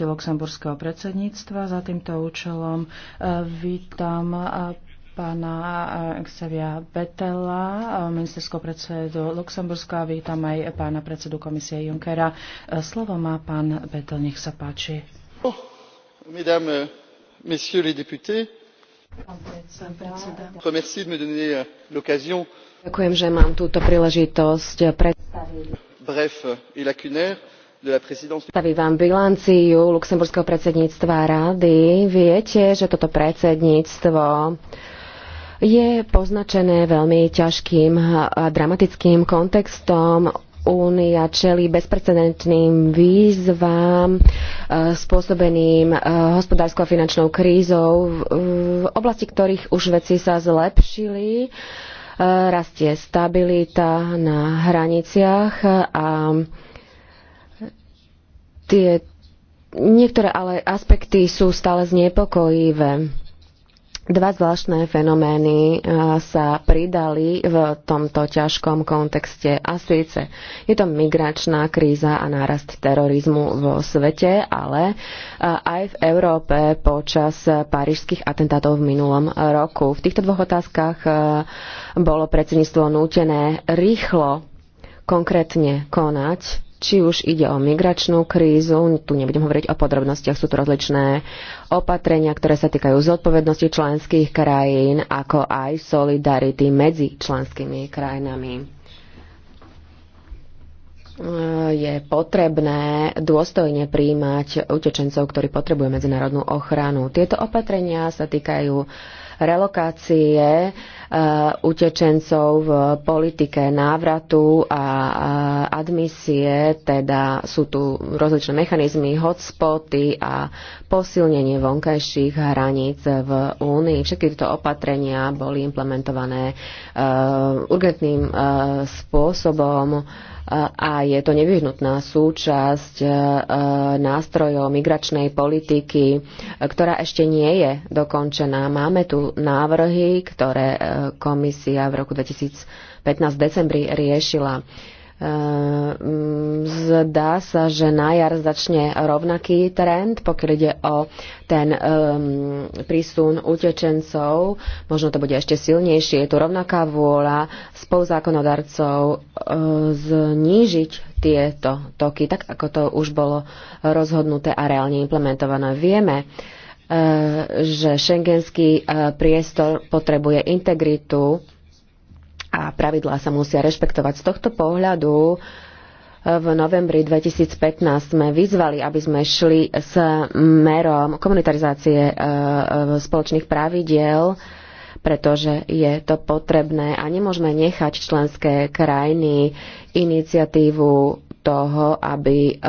činnosti luxemburského predsedníctva. Za týmto účelom e, vítam e, pána e, Xavia Betela, ministerského predsedu Luxemburska, a vítam aj pána predsedu komisie Junckera. Slovo má pán Betel, nech sa páči. Oh, mesdames, messieurs les députés, euh, Ďakujem, že mám túto príležitosť predstaviť. Bref et lacunaire vám bilanciu luxemburského predsedníctva rady. Viete, že toto predsedníctvo je poznačené veľmi ťažkým a dramatickým kontextom. Únia čelí bezprecedentným výzvám e, spôsobeným e, hospodárskou a finančnou krízou v oblasti ktorých už veci sa zlepšili. E, rastie stabilita na hraniciach a Tie, niektoré ale aspekty sú stále znepokojivé. Dva zvláštne fenomény sa pridali v tomto ťažkom kontexte a síce je to migračná kríza a nárast terorizmu vo svete, ale aj v Európe počas parížských atentátov v minulom roku. V týchto dvoch otázkach bolo predsedníctvo nútené rýchlo konkrétne konať či už ide o migračnú krízu, tu nebudem hovoriť o podrobnostiach, sú tu rozličné opatrenia, ktoré sa týkajú zodpovednosti členských krajín, ako aj solidarity medzi členskými krajinami. Je potrebné dôstojne príjmať utečencov, ktorí potrebujú medzinárodnú ochranu. Tieto opatrenia sa týkajú relokácie eh, utečencov v politike návratu a admisie, teda sú tu rozličné mechanizmy, hotspoty a posilnenie vonkajších hraníc v Únii. Všetky tieto opatrenia boli implementované eh, urgentným eh, spôsobom a je to nevyhnutná súčasť e, e, nástrojov migračnej politiky, ktorá ešte nie je dokončená. Máme tu návrhy, ktoré e, komisia v roku 2015 decembri riešila. Ehm, zdá sa, že na jar začne rovnaký trend, pokiaľ ide o ten um, prísun utečencov. Možno to bude ešte silnejšie. Je tu rovnaká vôľa spoluzákonodarcov uh, znížiť tieto toky, tak ako to už bolo rozhodnuté a reálne implementované. Vieme, že šengenský priestor potrebuje integritu a pravidlá sa musia rešpektovať. Z tohto pohľadu eh, v novembri 2015 sme vyzvali, aby sme šli s merom komunitarizácie eh, eh, spoločných pravidiel, pretože je to potrebné a nemôžeme nechať členské krajiny iniciatívu toho, aby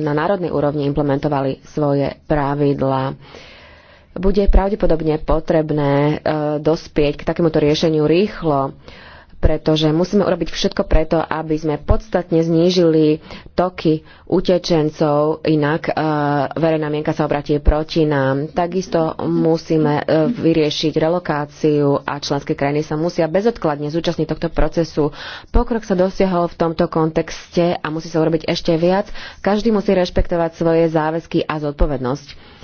na národnej úrovni implementovali svoje pravidlá bude pravdepodobne potrebné e, dospieť k takémuto riešeniu rýchlo pretože musíme urobiť všetko preto, aby sme podstatne znížili toky utečencov, inak e, verejná mienka sa obratie proti nám. Takisto musíme e, vyriešiť relokáciu a členské krajiny sa musia bezodkladne zúčastniť tohto procesu. Pokrok sa dosiahol v tomto kontexte a musí sa urobiť ešte viac. Každý musí rešpektovať svoje záväzky a zodpovednosť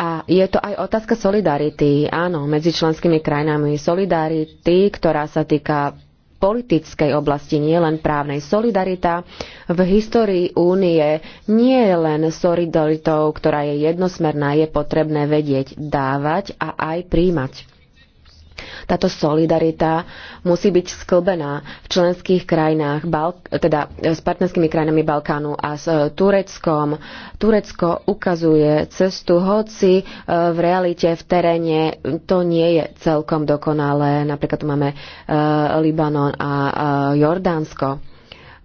a je to aj otázka solidarity, áno, medzi členskými krajinami. Solidarity, ktorá sa týka politickej oblasti, nie len právnej. Solidarita v histórii únie nie je len solidaritou, ktorá je jednosmerná, je potrebné vedieť dávať a aj príjmať. Táto solidarita musí byť sklbená v členských krajinách, teda e, s partnerskými krajinami Balkánu a s e, Tureckom. Turecko ukazuje cestu, hoci e, v realite, v teréne to nie je celkom dokonalé. Napríklad tu máme Libanon a Jordánsko.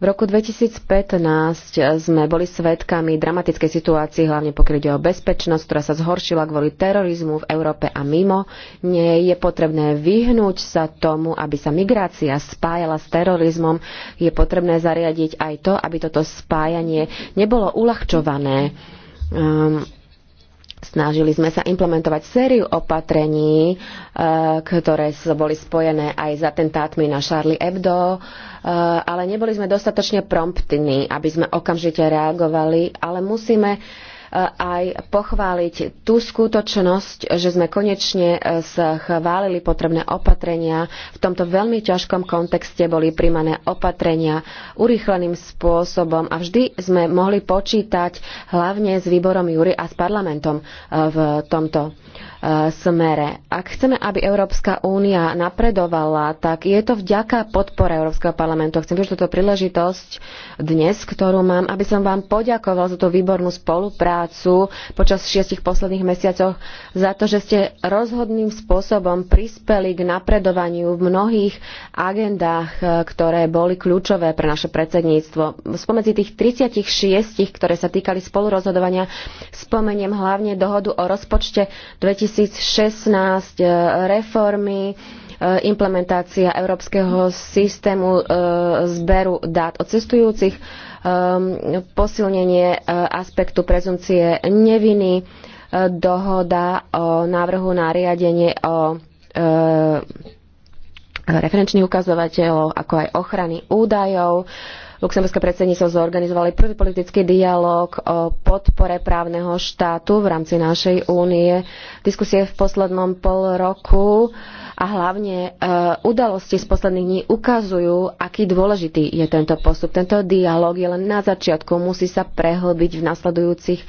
V roku 2015 sme boli svedkami dramatickej situácii, hlavne pokiaľ ide o bezpečnosť, ktorá sa zhoršila kvôli terorizmu v Európe a mimo. Nie je potrebné vyhnúť sa tomu, aby sa migrácia spájala s terorizmom. Je potrebné zariadiť aj to, aby toto spájanie nebolo uľahčované. Um, Snažili sme sa implementovať sériu opatrení, e, ktoré boli spojené aj s atentátmi na Charlie Hebdo, e, ale neboli sme dostatočne promptní, aby sme okamžite reagovali, ale musíme aj pochváliť tú skutočnosť, že sme konečne e, schválili potrebné opatrenia. V tomto veľmi ťažkom kontexte boli príjmané opatrenia urýchleným spôsobom a vždy sme mohli počítať hlavne s výborom Júry a s parlamentom e, v tomto smere. Ak chceme, aby Európska únia napredovala, tak je to vďaka podpore Európskeho parlamentu. Chcem využiť túto príležitosť dnes, ktorú mám, aby som vám poďakoval za tú výbornú spoluprácu počas šiestich posledných mesiacoch, za to, že ste rozhodným spôsobom prispeli k napredovaniu v mnohých agendách, ktoré boli kľúčové pre naše predsedníctvo. Spomedzi tých 36, ktoré sa týkali spolurozhodovania, spomeniem hlavne dohodu o rozpočte 2000 2016 e, reformy, e, implementácia európskeho systému e, zberu dát od cestujúcich, posilnenie aspektu prezumcie neviny, dohoda o návrhu na riadenie o referenčných ukazovateľov, ako aj ochrany údajov, luxemburské predsedníctvo zorganizovali prvý politický dialog o podpore právneho štátu v rámci našej únie. Diskusie v poslednom pol roku a hlavne e, udalosti z posledných dní ukazujú, aký dôležitý je tento postup. Tento dialog je len na začiatku, musí sa prehlbiť v nasledujúcich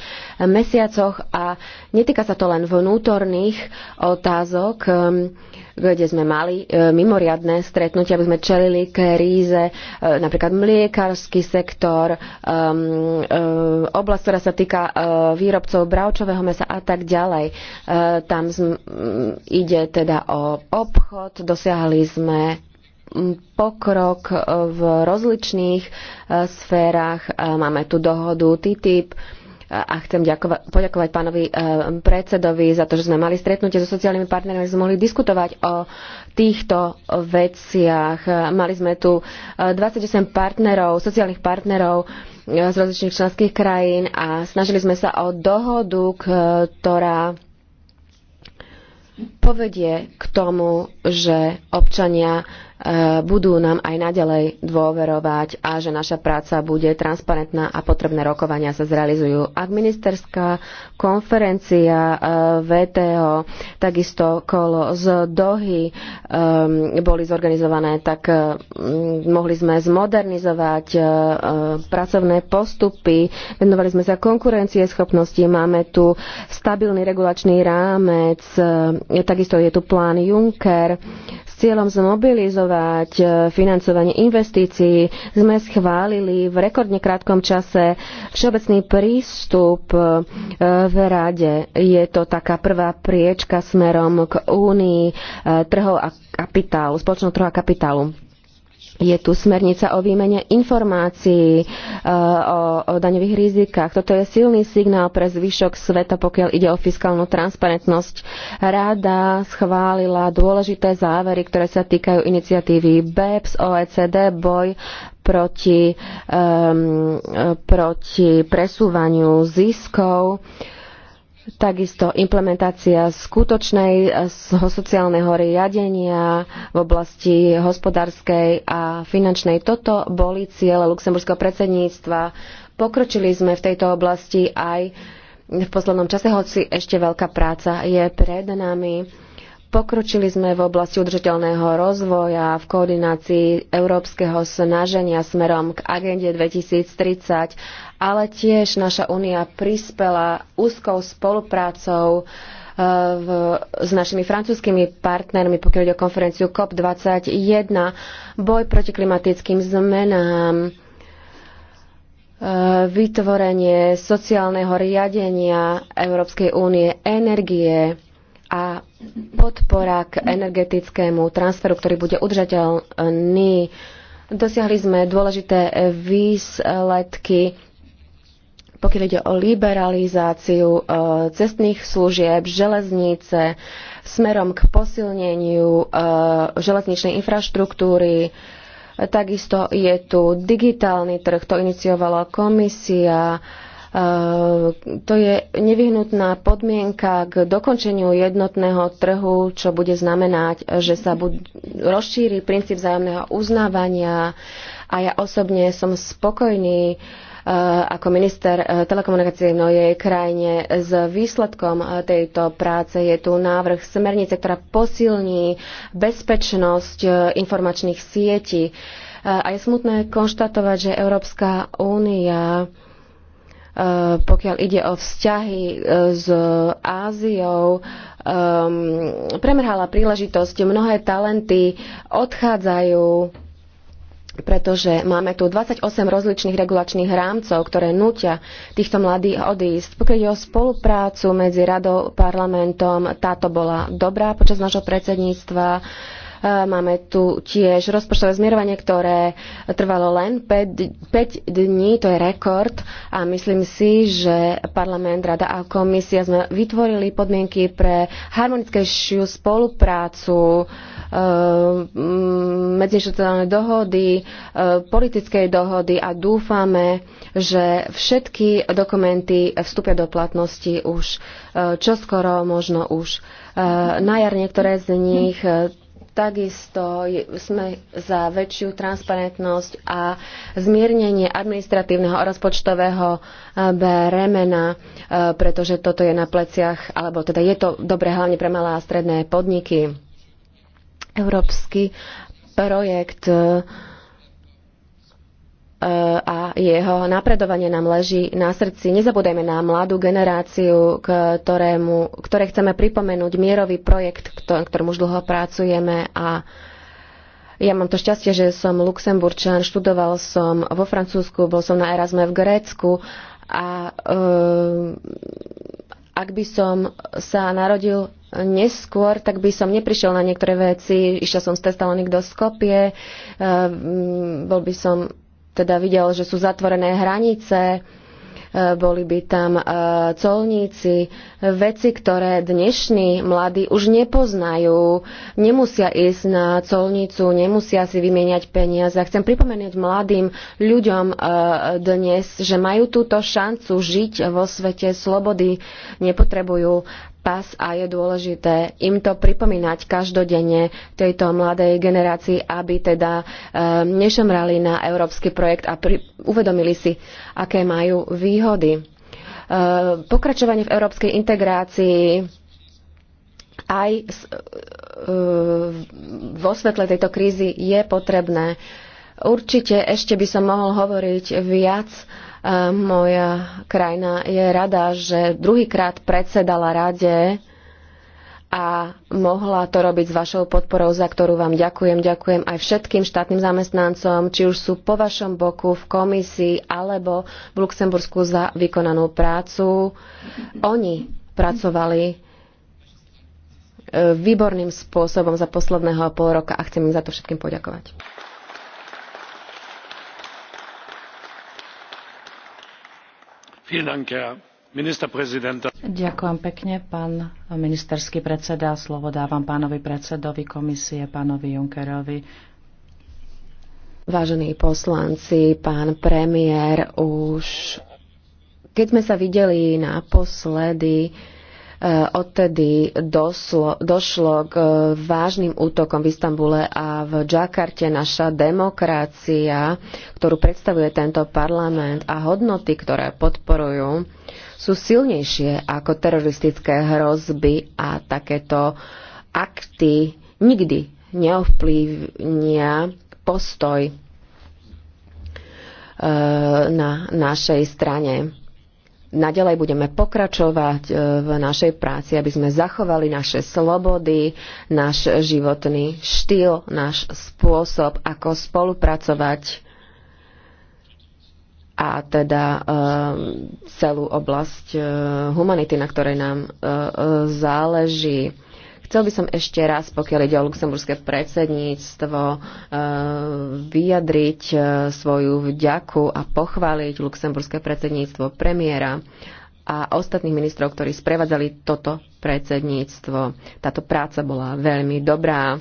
mesiacoch a netýka sa to len vnútorných otázok ehm, kde sme mali e, mimoriadne stretnutia, aby sme čelili kríze, e, napríklad mliekarský sektor, e, oblasť, ktorá sa týka výrobcov bravčového mesa a tak ďalej. Tam ide teda o obchod, dosiahli sme pokrok v rozličných sférach. Máme tu dohodu TTIP, a chcem ďakova- poďakovať pánovi e, predsedovi za to, že sme mali stretnutie so sociálnymi partnermi, že sme mohli diskutovať o týchto veciach. E, mali sme tu 28 e, partnerov, sociálnych partnerov z rozličných členských krajín a snažili sme sa o dohodu, ktorá povedie k tomu, že občania Eh, budú nám aj naďalej dôverovať a že naša práca bude transparentná a potrebné rokovania sa zrealizujú. Ak ministerská konferencia eh, VTO, takisto kolo z Dohy eh, boli zorganizované, tak mohli sme zmodernizovať pracovné postupy, venovali sme sa konkurencie schopnosti, máme tu stabilný regulačný rámec, takisto je tu plán Juncker s cieľom zmobilizovať zvyšovať e, financovanie investícií. Sme schválili v rekordne krátkom čase všeobecný prístup e, v rade. Je to taká prvá priečka smerom k únii trhov a kapitálu, spoločnou trhu a kapitálu je tu smernica o výmene informácií, e, o, o daňových rizikách. Toto je silný signál pre zvyšok sveta, pokiaľ ide o fiskálnu transparentnosť. Rada schválila dôležité závery, ktoré sa týkajú iniciatívy BEPS, OECD, boj proti, um, proti presúvaniu ziskov. Uh, Takisto implementácia skutočného eh, sociálneho riadenia v oblasti hospodárskej a finančnej. Toto boli ciele luxemburského predsedníctva. Pokročili sme v tejto oblasti aj v poslednom čase, hoci ešte veľká práca je pred nami. Pokročili sme v oblasti udržateľného rozvoja v koordinácii európskeho snaženia smerom k agende 2030 ale tiež naša únia prispela úzkou spoluprácou e, v, s našimi francúzskými partnermi, pokiaľ ide o konferenciu COP21, boj proti klimatickým zmenám, e, vytvorenie sociálneho riadenia Európskej únie, energie a podpora k energetickému transferu, ktorý bude udržateľný. Dosiahli sme dôležité výsledky pokiaľ ide o liberalizáciu e, cestných služieb, železnice, smerom k posilneniu e, železničnej infraštruktúry. Takisto je tu digitálny trh, to iniciovala komisia. E, to je nevyhnutná podmienka k dokončeniu jednotného trhu, čo bude znamenať, že sa rozšíri princíp vzájomného uznávania a ja osobne som spokojný uh, Eh, ako minister eh, telekomunikácie no, v mojej krajine. S výsledkom eh, tejto práce je tu návrh smernice, ktorá posilní bezpečnosť informačných sietí. A je smutné konštatovať, že Európska únia pokiaľ ide o vzťahy s Áziou, um, premrhala príležitosť, mnohé talenty odchádzajú pretože máme tu 28 rozličných regulačných rámcov, ktoré nutia týchto mladých odísť. Pokiaľ ide o spoluprácu medzi radou a parlamentom, táto bola dobrá počas nášho predsedníctva. E, máme tu tiež rozpočtové zmierovanie, ktoré trvalo len 5, 5 dní, to je rekord a myslím si, že parlament, rada a komisia sme vytvorili podmienky pre harmonickejšiu spoluprácu uh, Ehm, medzinárodné dohody, ehm, politickej dohody a dúfame, že všetky dokumenty vstúpia do platnosti už ehm, čoskoro, možno už na jar niektoré z nich. Takisto sme za väčšiu transparentnosť a zmiernenie administratívneho a rozpočtového bremena, pretože toto je na pleciach, alebo teda je to dobré hlavne pre malé a stredné podniky Európsky projekt e, a jeho napredovanie nám leží na srdci. Nezabúdajme na mladú generáciu, ktorému, ktoré chceme pripomenúť mierový projekt, ktorom už dlho pracujeme a ja mám to šťastie, že som Luxemburčan, študoval som vo Francúzsku, bol som na Erasme v Grécku a e, ak by som sa narodil neskôr, tak by som neprišiel na niektoré veci. išiel som z Testalonic do Skopie, eh, bol by som teda videl, že sú zatvorené hranice, boli by tam e, colníci, veci, ktoré dnešní mladí už nepoznajú, nemusia ísť na colnicu, nemusia si vymieňať peniaze. Chcem pripomenúť mladým ľuďom e, dnes, že majú túto šancu žiť vo svete slobody, nepotrebujú pas a je dôležité im to pripomínať každodenne tejto mladej generácii, aby teda eh, nešemrali na európsky projekt a pri, uvedomili si, aké majú výhody. Eh, pokračovanie v európskej integrácii aj eh, vo svetle tejto krízy je potrebné. Určite ešte by som mohol hovoriť viac uh, moja krajina je rada, že druhýkrát predsedala rade a mohla to robiť s vašou podporou, za ktorú vám ďakujem. Ďakujem aj všetkým štátnym zamestnancom, či už sú po vašom boku v komisii alebo v Luxembursku za vykonanú prácu. Oni pracovali e, výborným spôsobom za posledného pol roka a chcem im za to všetkým poďakovať. Ďakujem pekne, pán ministerský predseda. Slovo dávam pánovi predsedovi komisie, pánovi Junckerovi. Vážení poslanci, pán premiér, už keď sme sa videli naposledy, Eh, odtedy doslo, došlo k eh, vážnym útokom v Istambule a v Džakarte naša demokracia, ktorú predstavuje tento parlament a hodnoty, ktoré podporujú, sú silnejšie ako teroristické hrozby a takéto akty nikdy neovplyvnia postoj eh, na našej strane naďalej budeme pokračovať e, v našej práci, aby sme zachovali naše slobody, náš životný štýl, náš spôsob, ako spolupracovať a teda e, celú oblasť e, humanity, na ktorej nám záleží. Chcel by som ešte raz, pokiaľ ide o luxemburské predsedníctvo, eh, vyjadriť eh, svoju vďaku a pochváliť luxemburské predsedníctvo premiéra a ostatných ministrov, ktorí sprevádzali toto predsedníctvo. Táto práca bola veľmi dobrá.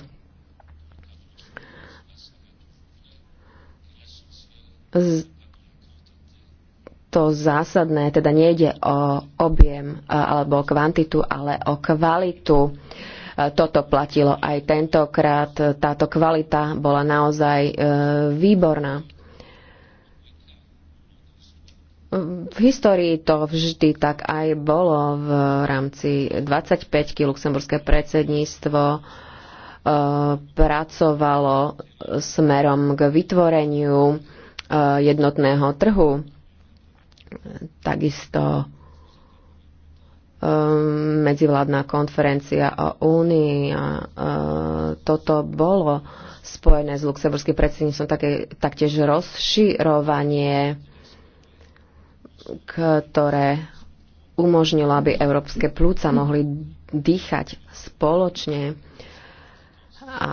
Z to zásadné, teda nejde o objem eh, alebo o kvantitu, ale o kvalitu. Toto platilo aj tentokrát. Táto kvalita bola naozaj e, výborná. V histórii to vždy tak aj bolo v rámci 25-ky luxemburské predsedníctvo e, pracovalo smerom k vytvoreniu e, jednotného trhu. Takisto Ehm, medzivládna konferencia o Únii a ehm, toto bolo spojené s luxemburským predsedníctvom také, taktiež rozširovanie, ktoré umožnilo, aby európske plúca mohli dýchať spoločne. A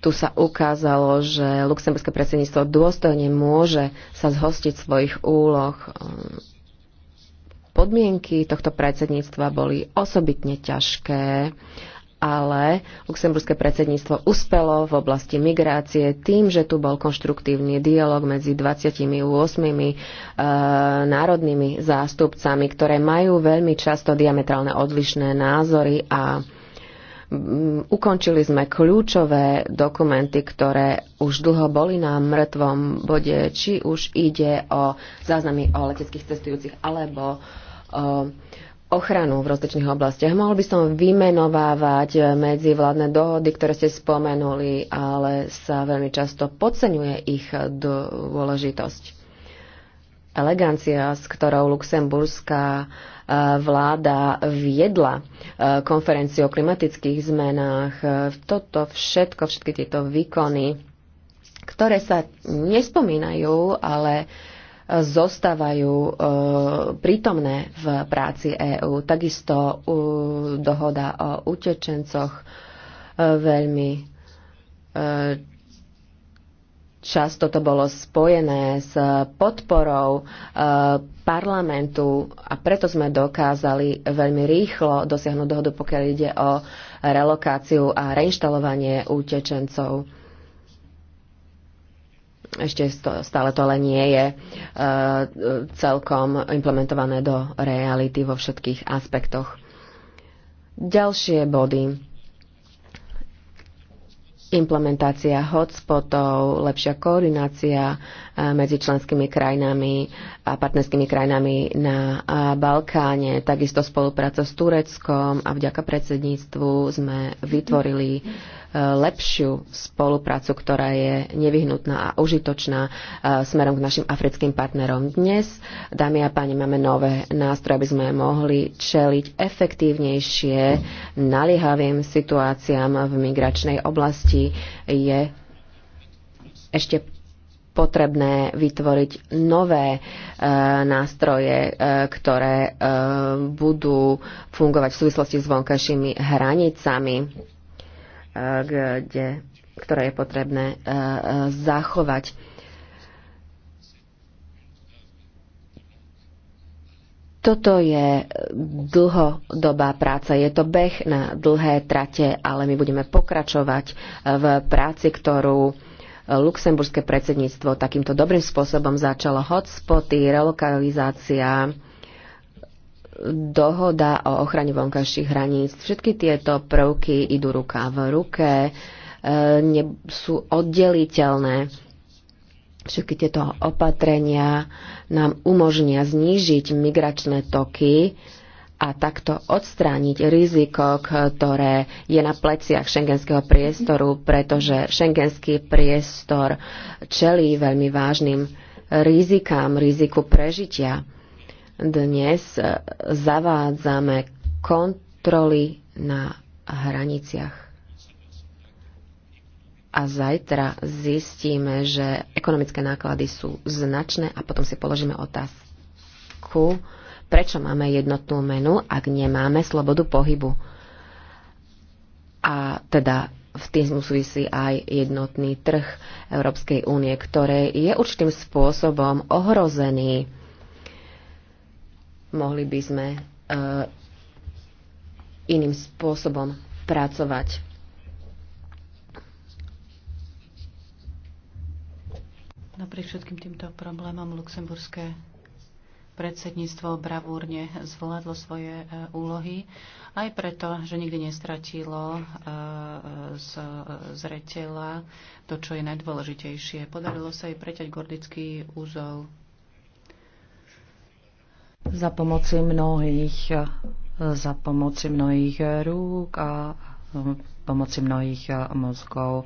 tu sa ukázalo, že luxemburské predsedníctvo dôstojne môže sa zhostiť svojich úloh ehm, Podmienky tohto predsedníctva boli osobitne ťažké, ale luxemburské predsedníctvo uspelo v oblasti migrácie tým, že tu bol konštruktívny dialog medzi 28 e, národnými zástupcami, ktoré majú veľmi často diametrálne odlišné názory a mm, ukončili sme kľúčové dokumenty, ktoré už dlho boli na mŕtvom bode, či už ide o záznamy o leteckých cestujúcich alebo uh, Eh, ochranu v rozličných oblastiach. Mohol by som vymenovávať eh, medzivládne dohody, ktoré ste spomenuli, ale sa veľmi často podceňuje ich dôležitosť. Elegancia, s ktorou luxemburská eh, vláda viedla konferenciu o klimatických zmenách, toto všetko, všetky tieto výkony, ktoré sa nespomínajú, ale zostávajú e, prítomné v práci EÚ. Takisto dohoda o utečencoch e, veľmi e, často to bolo spojené s podporou parlamentu a preto sme dokázali veľmi rýchlo dosiahnuť dohodu, pokiaľ ide o relokáciu a reinštalovanie utečencov ešte stále to ale nie je eh, celkom implementované do reality vo všetkých aspektoch. Ďalšie body. Implementácia hotspotov, lepšia koordinácia medzi členskými krajinami a partnerskými krajinami na Balkáne. Takisto spolupráca s Tureckom a vďaka predsedníctvu sme vytvorili e, lepšiu spoluprácu, ktorá je nevyhnutná a užitočná e, smerom k našim africkým partnerom. Dnes, dámy a páni, máme nové nástroje, aby sme mohli čeliť efektívnejšie naliehavým situáciám v migračnej oblasti. Je ešte potrebné vytvoriť nové e, nástroje, e, ktoré e, budú fungovať v súvislosti s vonkajšími hranicami, e, kde, ktoré je potrebné e, e, zachovať. Toto je dlhodobá práca, je to beh na dlhé trate, ale my budeme pokračovať e, v práci, ktorú luxemburské predsedníctvo takýmto dobrým spôsobom začalo hotspoty, relokalizácia, dohoda o ochrane vonkajších hraníc. Všetky tieto prvky idú ruka v ruke, e, ne, sú oddeliteľné. Všetky tieto opatrenia nám umožnia znížiť migračné toky, a takto odstrániť riziko, ktoré je na pleciach šengenského priestoru, pretože šengenský priestor čelí veľmi vážnym rizikám, riziku prežitia. Dnes eh, zavádzame kontroly na hraniciach. A zajtra zistíme, že ekonomické náklady sú značné a potom si položíme otázku, Prečo máme jednotnú menu, ak nemáme slobodu pohybu? A teda v tým súvisí aj jednotný trh Európskej únie, ktoré je určitým spôsobom ohrozený. Mohli by sme e, iným spôsobom pracovať. Napriek všetkým týmto problémom luxemburské Predsedníctvo bravúrne zvládlo svoje e, úlohy, aj preto, že nikdy nestratilo e, z e, zretela to, čo je najdôležitejšie. Podarilo sa jej preťať gordický úzol. Za pomoci mnohých, za pomoci mnohých rúk a pomoci mnohých mozgov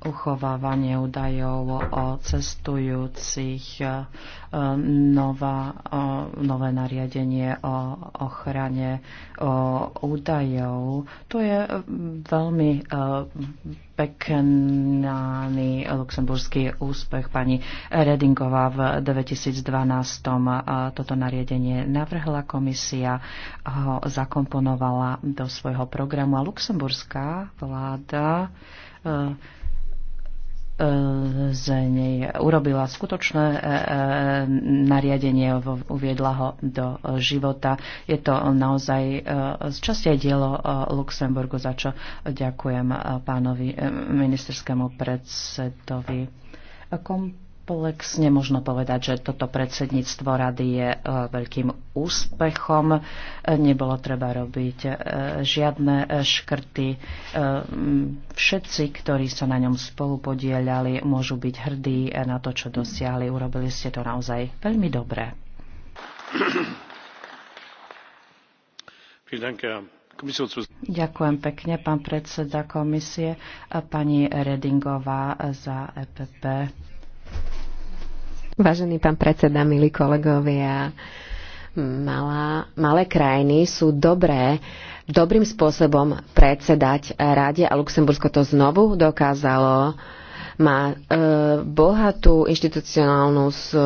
uchovávanie údajov o cestujúcich, e, nová, e, nové nariadenie o ochrane údajov. To je veľmi e, pekný luxemburský úspech pani Redingová v 2012. Toto nariadenie navrhla komisia, ho zakomponovala do svojho programu a luxemburská vláda z nej urobila skutočné e, e, nariadenie, uviedla ho do života. Je to naozaj e, z časti dielo Luxemburgu, za čo ďakujem pánovi ministerskému predsedovi. Kom- komplexne možno povedať, že toto predsedníctvo rady je e, veľkým úspechom. E, nebolo treba robiť e, žiadne škrty. Všetci, ktorí sa na ňom spolu podielali, môžu byť hrdí na to, čo dosiahli. Urobili ste to naozaj veľmi dobre. Ďakujem pekne, pán predseda komisie, pani Redingová za EPP. Vážený pán predseda, milí kolegovia, malá, malé krajiny sú dobré, dobrým spôsobom predsedať rade a Luxembursko to znovu dokázalo má e, bohatú inštitucionálnu s, e,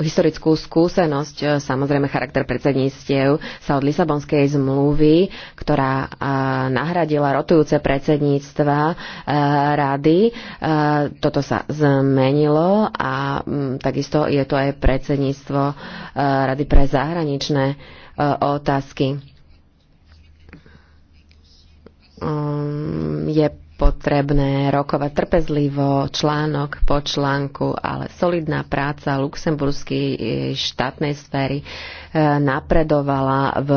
historickú skúsenosť. E, samozrejme, charakter predsedníctiev sa od Lisabonskej zmluvy, ktorá e, nahradila rotujúce predsedníctva e, rady. E, toto sa zmenilo a m, takisto je to aj predsedníctvo e, Rady pre zahraničné e, otázky. Um, je potrebné rokovať trpezlivo článok po článku, ale solidná práca luxemburskej e, štátnej sféry e, napredovala v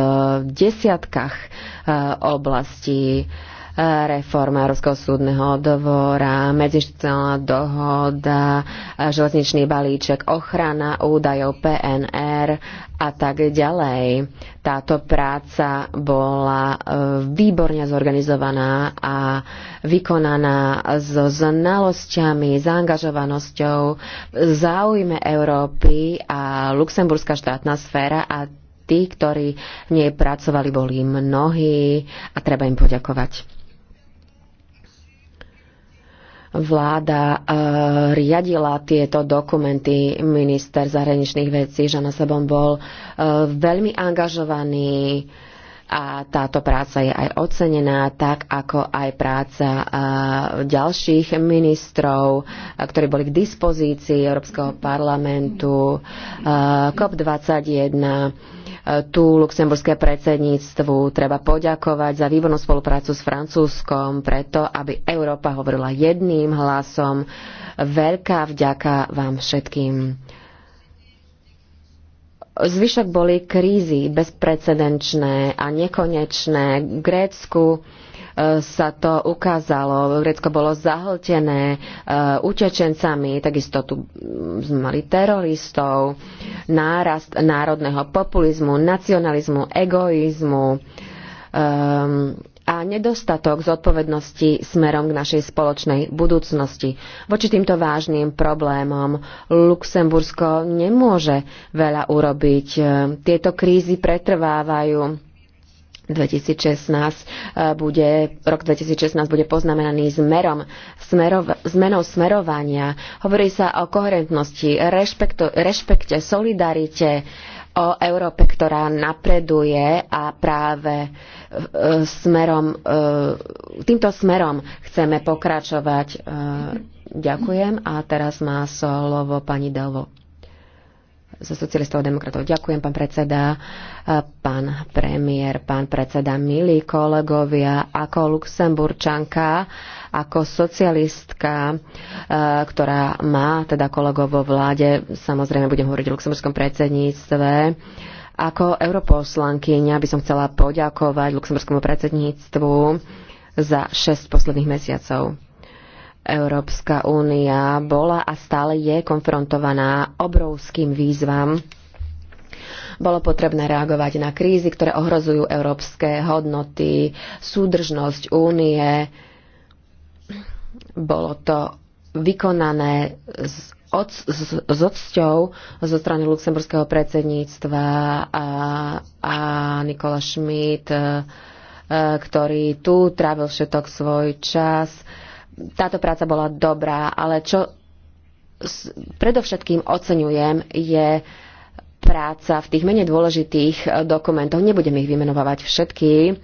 desiatkách e, oblastí reforma Európskeho súdneho dvora, medzištitucionálna dohoda, železničný balíček, ochrana údajov PNR a tak ďalej. Táto práca bola e, výborne zorganizovaná a vykonaná so znalosťami, zaangažovanosťou, záujme Európy a luxemburská štátna sféra a tí, ktorí v nej pracovali, boli mnohí a treba im poďakovať vláda e, riadila tieto dokumenty. Minister zahraničných vecí že na sebom bol e, veľmi angažovaný a táto práca je aj ocenená, tak ako aj práca e, ďalších ministrov, ktorí boli k dispozícii Európskeho parlamentu, COP21 tu luxemburské predsedníctvu. Treba poďakovať za výbornú spoluprácu s Francúzskom, preto aby Európa hovorila jedným hlasom. Veľká vďaka vám všetkým. Zvyšok boli krízy bezprecedenčné a nekonečné. V Grécku sa to ukázalo. Grécko bolo zahltené e, utečencami, takisto tu sme mali teroristov, nárast národného populizmu, nacionalizmu, egoizmu ehm, a nedostatok zodpovednosti smerom k našej spoločnej budúcnosti. Voči týmto vážnym problémom Luxembursko nemôže veľa urobiť. E, tieto krízy pretrvávajú 2016 e, bude, rok 2016 bude poznamenaný zmerom, smerov, zmenou smerovania. Hovorí sa o koherentnosti, rešpektu, rešpekte, solidarite, o Európe, ktorá napreduje a práve e, smerom, e, týmto smerom chceme pokračovať. Ďakujem a teraz má slovo pani Delvo zo socialistov a demokratov. Ďakujem, pán predseda, pán premiér, pán predseda, milí kolegovia, ako luxemburčanka, ako socialistka, ktorá má teda kolegov vo vláde, samozrejme budem hovoriť o luxemburskom predsedníctve, ako europoslankyňa by som chcela poďakovať luxemburskému predsedníctvu za 6 posledných mesiacov. Európska únia bola a stále je konfrontovaná obrovským výzvam. Bolo potrebné reagovať na krízy, ktoré ohrozujú európske hodnoty, súdržnosť únie. Bolo to vykonané s, od, s, s odsťou zo strany luxemburského predsedníctva a, a Nikola Schmidt, e, ktorý tu trávil všetok svoj čas táto práca bola dobrá, ale čo predovšetkým oceňujem je práca v tých menej dôležitých eh, dokumentoch. Nebudem ich vymenovávať všetky,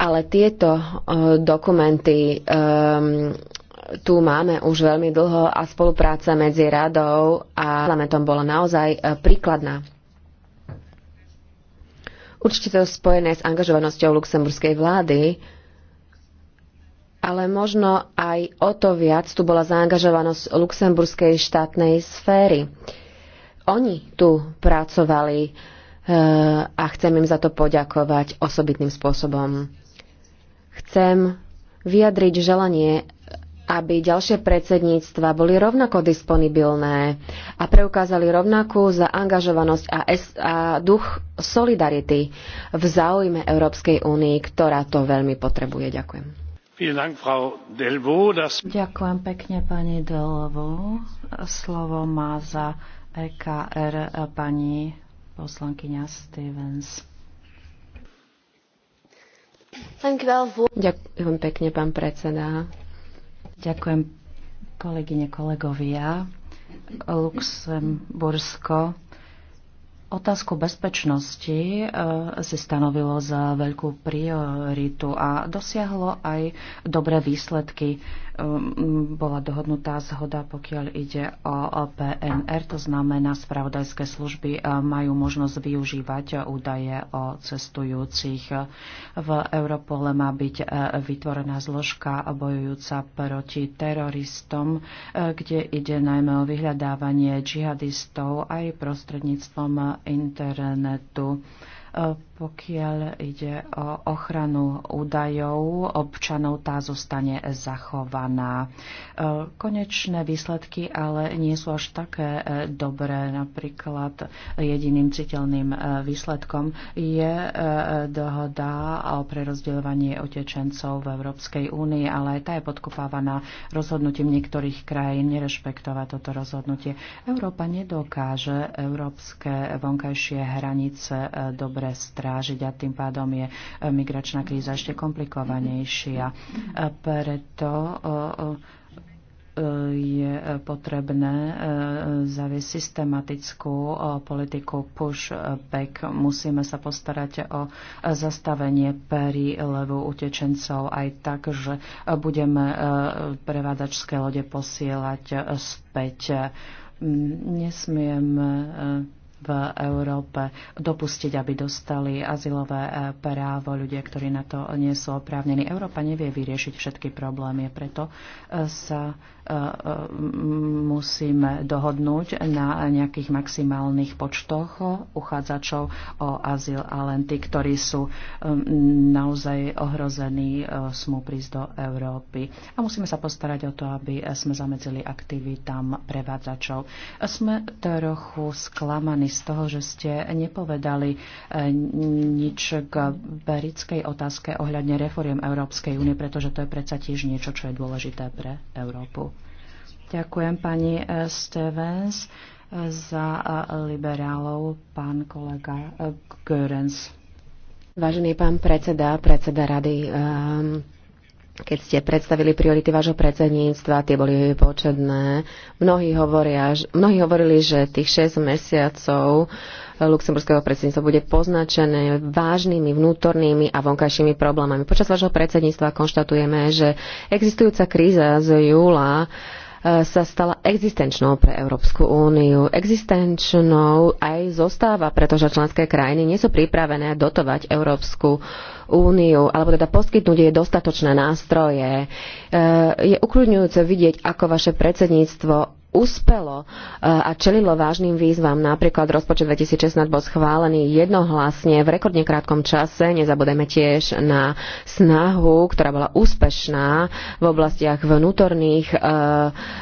ale tieto eh, dokumenty um, tu máme už veľmi dlho a spolupráca medzi radou a parlamentom bola naozaj eh, príkladná. Určite to spojené s angažovanosťou luxemburskej vlády, ale možno aj o to viac tu bola zaangažovanosť luxemburskej štátnej sféry. Oni tu pracovali e, a chcem im za to poďakovať osobitným spôsobom. Chcem vyjadriť želanie, aby ďalšie predsedníctva boli rovnako disponibilné a preukázali rovnakú zaangažovanosť a, es- a duch solidarity v záujme Európskej únii, ktorá to veľmi potrebuje. Ďakujem. Ďakujem pekne pani Delvo. Slovo má za EKR pani poslankyňa Stevens. Ďakujem pekne, pán predseda. Ďakujem kolegyne, kolegovia. Luxembursko Otázku bezpečnosti e, si stanovilo za veľkú prioritu a dosiahlo aj dobré výsledky. Um, bola dohodnutá zhoda, pokiaľ ide o PNR, to znamená, spravodajské služby um, majú možnosť využívať údaje o cestujúcich. V Europole má byť uh, vytvorená zložka bojujúca proti teroristom, uh, kde ide najmä o vyhľadávanie džihadistov aj prostredníctvom internetu. Pokiaľ ide o ochranu údajov občanov, tá zostane zachovaná. E, konečné výsledky ale nie sú až také e, dobré. Napríklad jediným citeľným e, výsledkom je dohoda o prerozdeľovaní utečencov v Európskej únii, ale aj tá je podkopávaná rozhodnutím niektorých krajín nerešpektovať toto rozhodnutie. Európa nedokáže európske vonkajšie hranice dobre dobre strážiť a tým pádom je e, migračná kríza ešte komplikovanejšia. E, preto e, je potrebné zaviesť systematickú politiku push-back. Musíme sa postarať o zastavenie prílevu utečencov aj tak, že budeme prevádzačské lode posielať späť. Nesmieme v Európe dopustiť, aby dostali azylové eh, právo ľudia, ktorí na to nie sú oprávnení. Európa nevie vyriešiť všetky problémy, preto eh, sa E, e, musíme dohodnúť na nejakých maximálnych počtoch uchádzačov o azyl a len tí, ktorí sú e, naozaj ohrození, smú prísť do Európy. A musíme sa postarať o to, aby sme zamedzili aktivitám prevádzačov. Sme trochu sklamaní z toho, že ste nepovedali nič k berickej otázke ohľadne reforiem Európskej únie, pretože to je predsa tiež niečo, čo je dôležité pre Európu. Ďakujem pani eh, Stevens eh, za eh, liberálov, pán kolega Görens. Vážený pán predseda, predseda rady, ehm, keď ste predstavili priority vášho predsedníctva, tie boli početné. Mnohí, hovoria, mnohí hovorili, že tých 6 mesiacov luxemburského predsedníctva bude poznačené vážnymi vnútornými a vonkajšími problémami. Počas vášho predsedníctva konštatujeme, že existujúca kríza z júla sa stala existenčnou pre Európsku úniu. Existenčnou aj zostáva, pretože členské krajiny nie sú pripravené dotovať Európsku úniu, alebo teda poskytnúť jej dostatočné nástroje. E, je ukludňujúce vidieť, ako vaše predsedníctvo uspelo e, a čelilo vážnym výzvam. Napríklad rozpočet 2016 bol schválený jednohlasne v rekordne krátkom čase. Nezabudeme tiež na snahu, ktorá bola úspešná v oblastiach vnútorných e,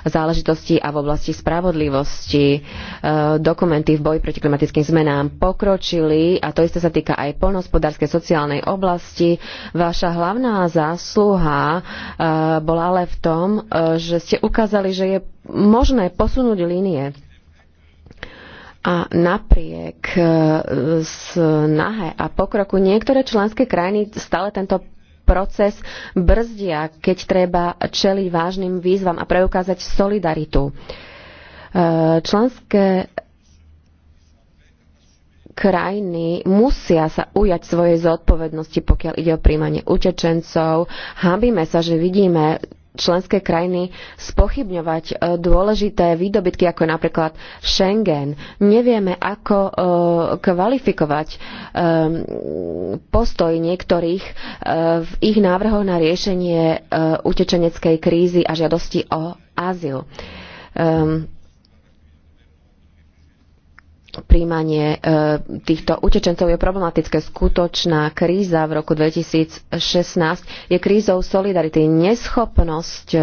záležitostí a v oblasti spravodlivosti. E, dokumenty v boji proti klimatickým zmenám pokročili a to isté sa týka aj polnospodárskej sociálnej oblasti. Vaša hlavná zásluha bola ale v tom, že ste ukázali, že je možné posunúť línie. A napriek e, snahe a pokroku niektoré členské krajiny stále tento proces brzdia, keď treba čeliť vážnym výzvam a preukázať solidaritu. E, členské krajiny musia sa ujať svojej zodpovednosti, pokiaľ ide o príjmanie utečencov. Hábime sa, že vidíme členské krajiny spochybňovať e, dôležité výdobytky, ako napríklad Schengen. Nevieme, ako e, kvalifikovať e, postoj niektorých v ich návrhoch na riešenie utečeneckej krízy a žiadosti o azyl. Um, príjmanie e, týchto utečencov je problematické. Skutočná kríza v roku 2016 je krízou solidarity. Neschopnosť e,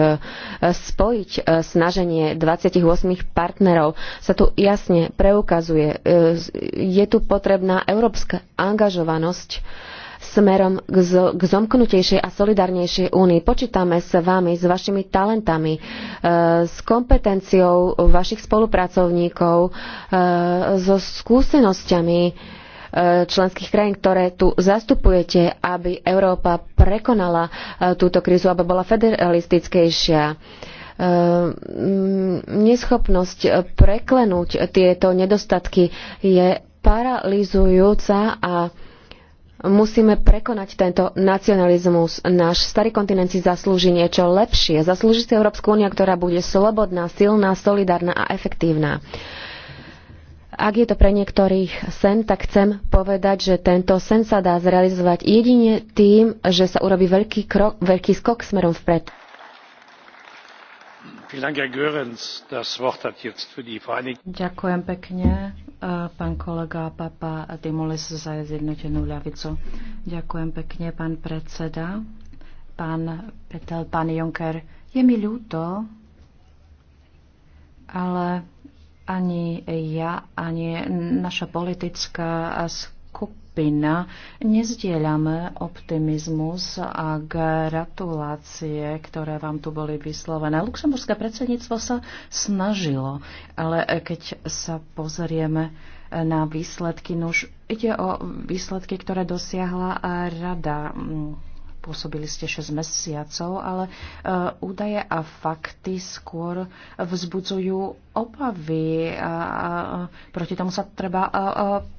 spojiť e, snaženie 28 partnerov sa tu jasne preukazuje. Je tu potrebná európska angažovanosť smerom k, z- k zomknutejšej a solidárnejšej únii. Počítame s vami, s vašimi talentami, e, s kompetenciou vašich spolupracovníkov, e, so skúsenosťami e, členských krajín, ktoré tu zastupujete, aby Európa prekonala e, túto krízu, aby bola federalistickejšia. E, neschopnosť preklenúť tieto nedostatky je paralizujúca a Musíme prekonať tento nacionalizmus. Náš starý kontinent si zaslúži niečo lepšie. Zaslúži si Európsku úniu, ktorá bude slobodná, silná, solidárna a efektívna. Ak je to pre niektorých sen, tak chcem povedať, že tento sen sa dá zrealizovať jedine tým, že sa urobí veľký, krok, veľký skok smerom vpred. Ďakujem pekne, e, pán kolega Papa Dimulis za zjednotenú ľavicu. Ďakujem pekne, pán predseda, pán Petel, pán Juncker. Je mi ľúto, ale ani ja, ani naša politická skupina skupina. Nezdieľame optimizmus a gratulácie, ktoré vám tu boli vyslovené. Luxemburské predsedníctvo sa snažilo, ale keď sa pozrieme na výsledky, no už ide o výsledky, ktoré dosiahla rada pôsobili ste 6 mesiacov, ale e, údaje a fakty skôr vzbudzujú obavy a proti tomu sa treba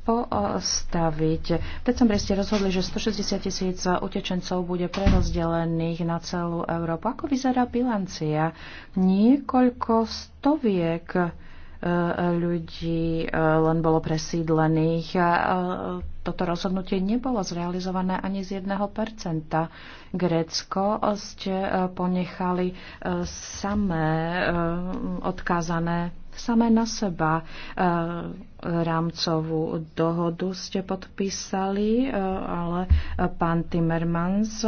postaviť. V decembri ste rozhodli, že 160 tisíc utečencov bude prerozdelených na celú Európu. Ako vyzerá bilancia? Niekoľko stoviek ľudí e, len bolo presídlených. E, toto rozhodnutie nebolo zrealizované ani z 1%. Grécko ste e, ponechali samé odkázané samé na seba. Rámcovú dohodu ste podpísali, ale pán Timmermans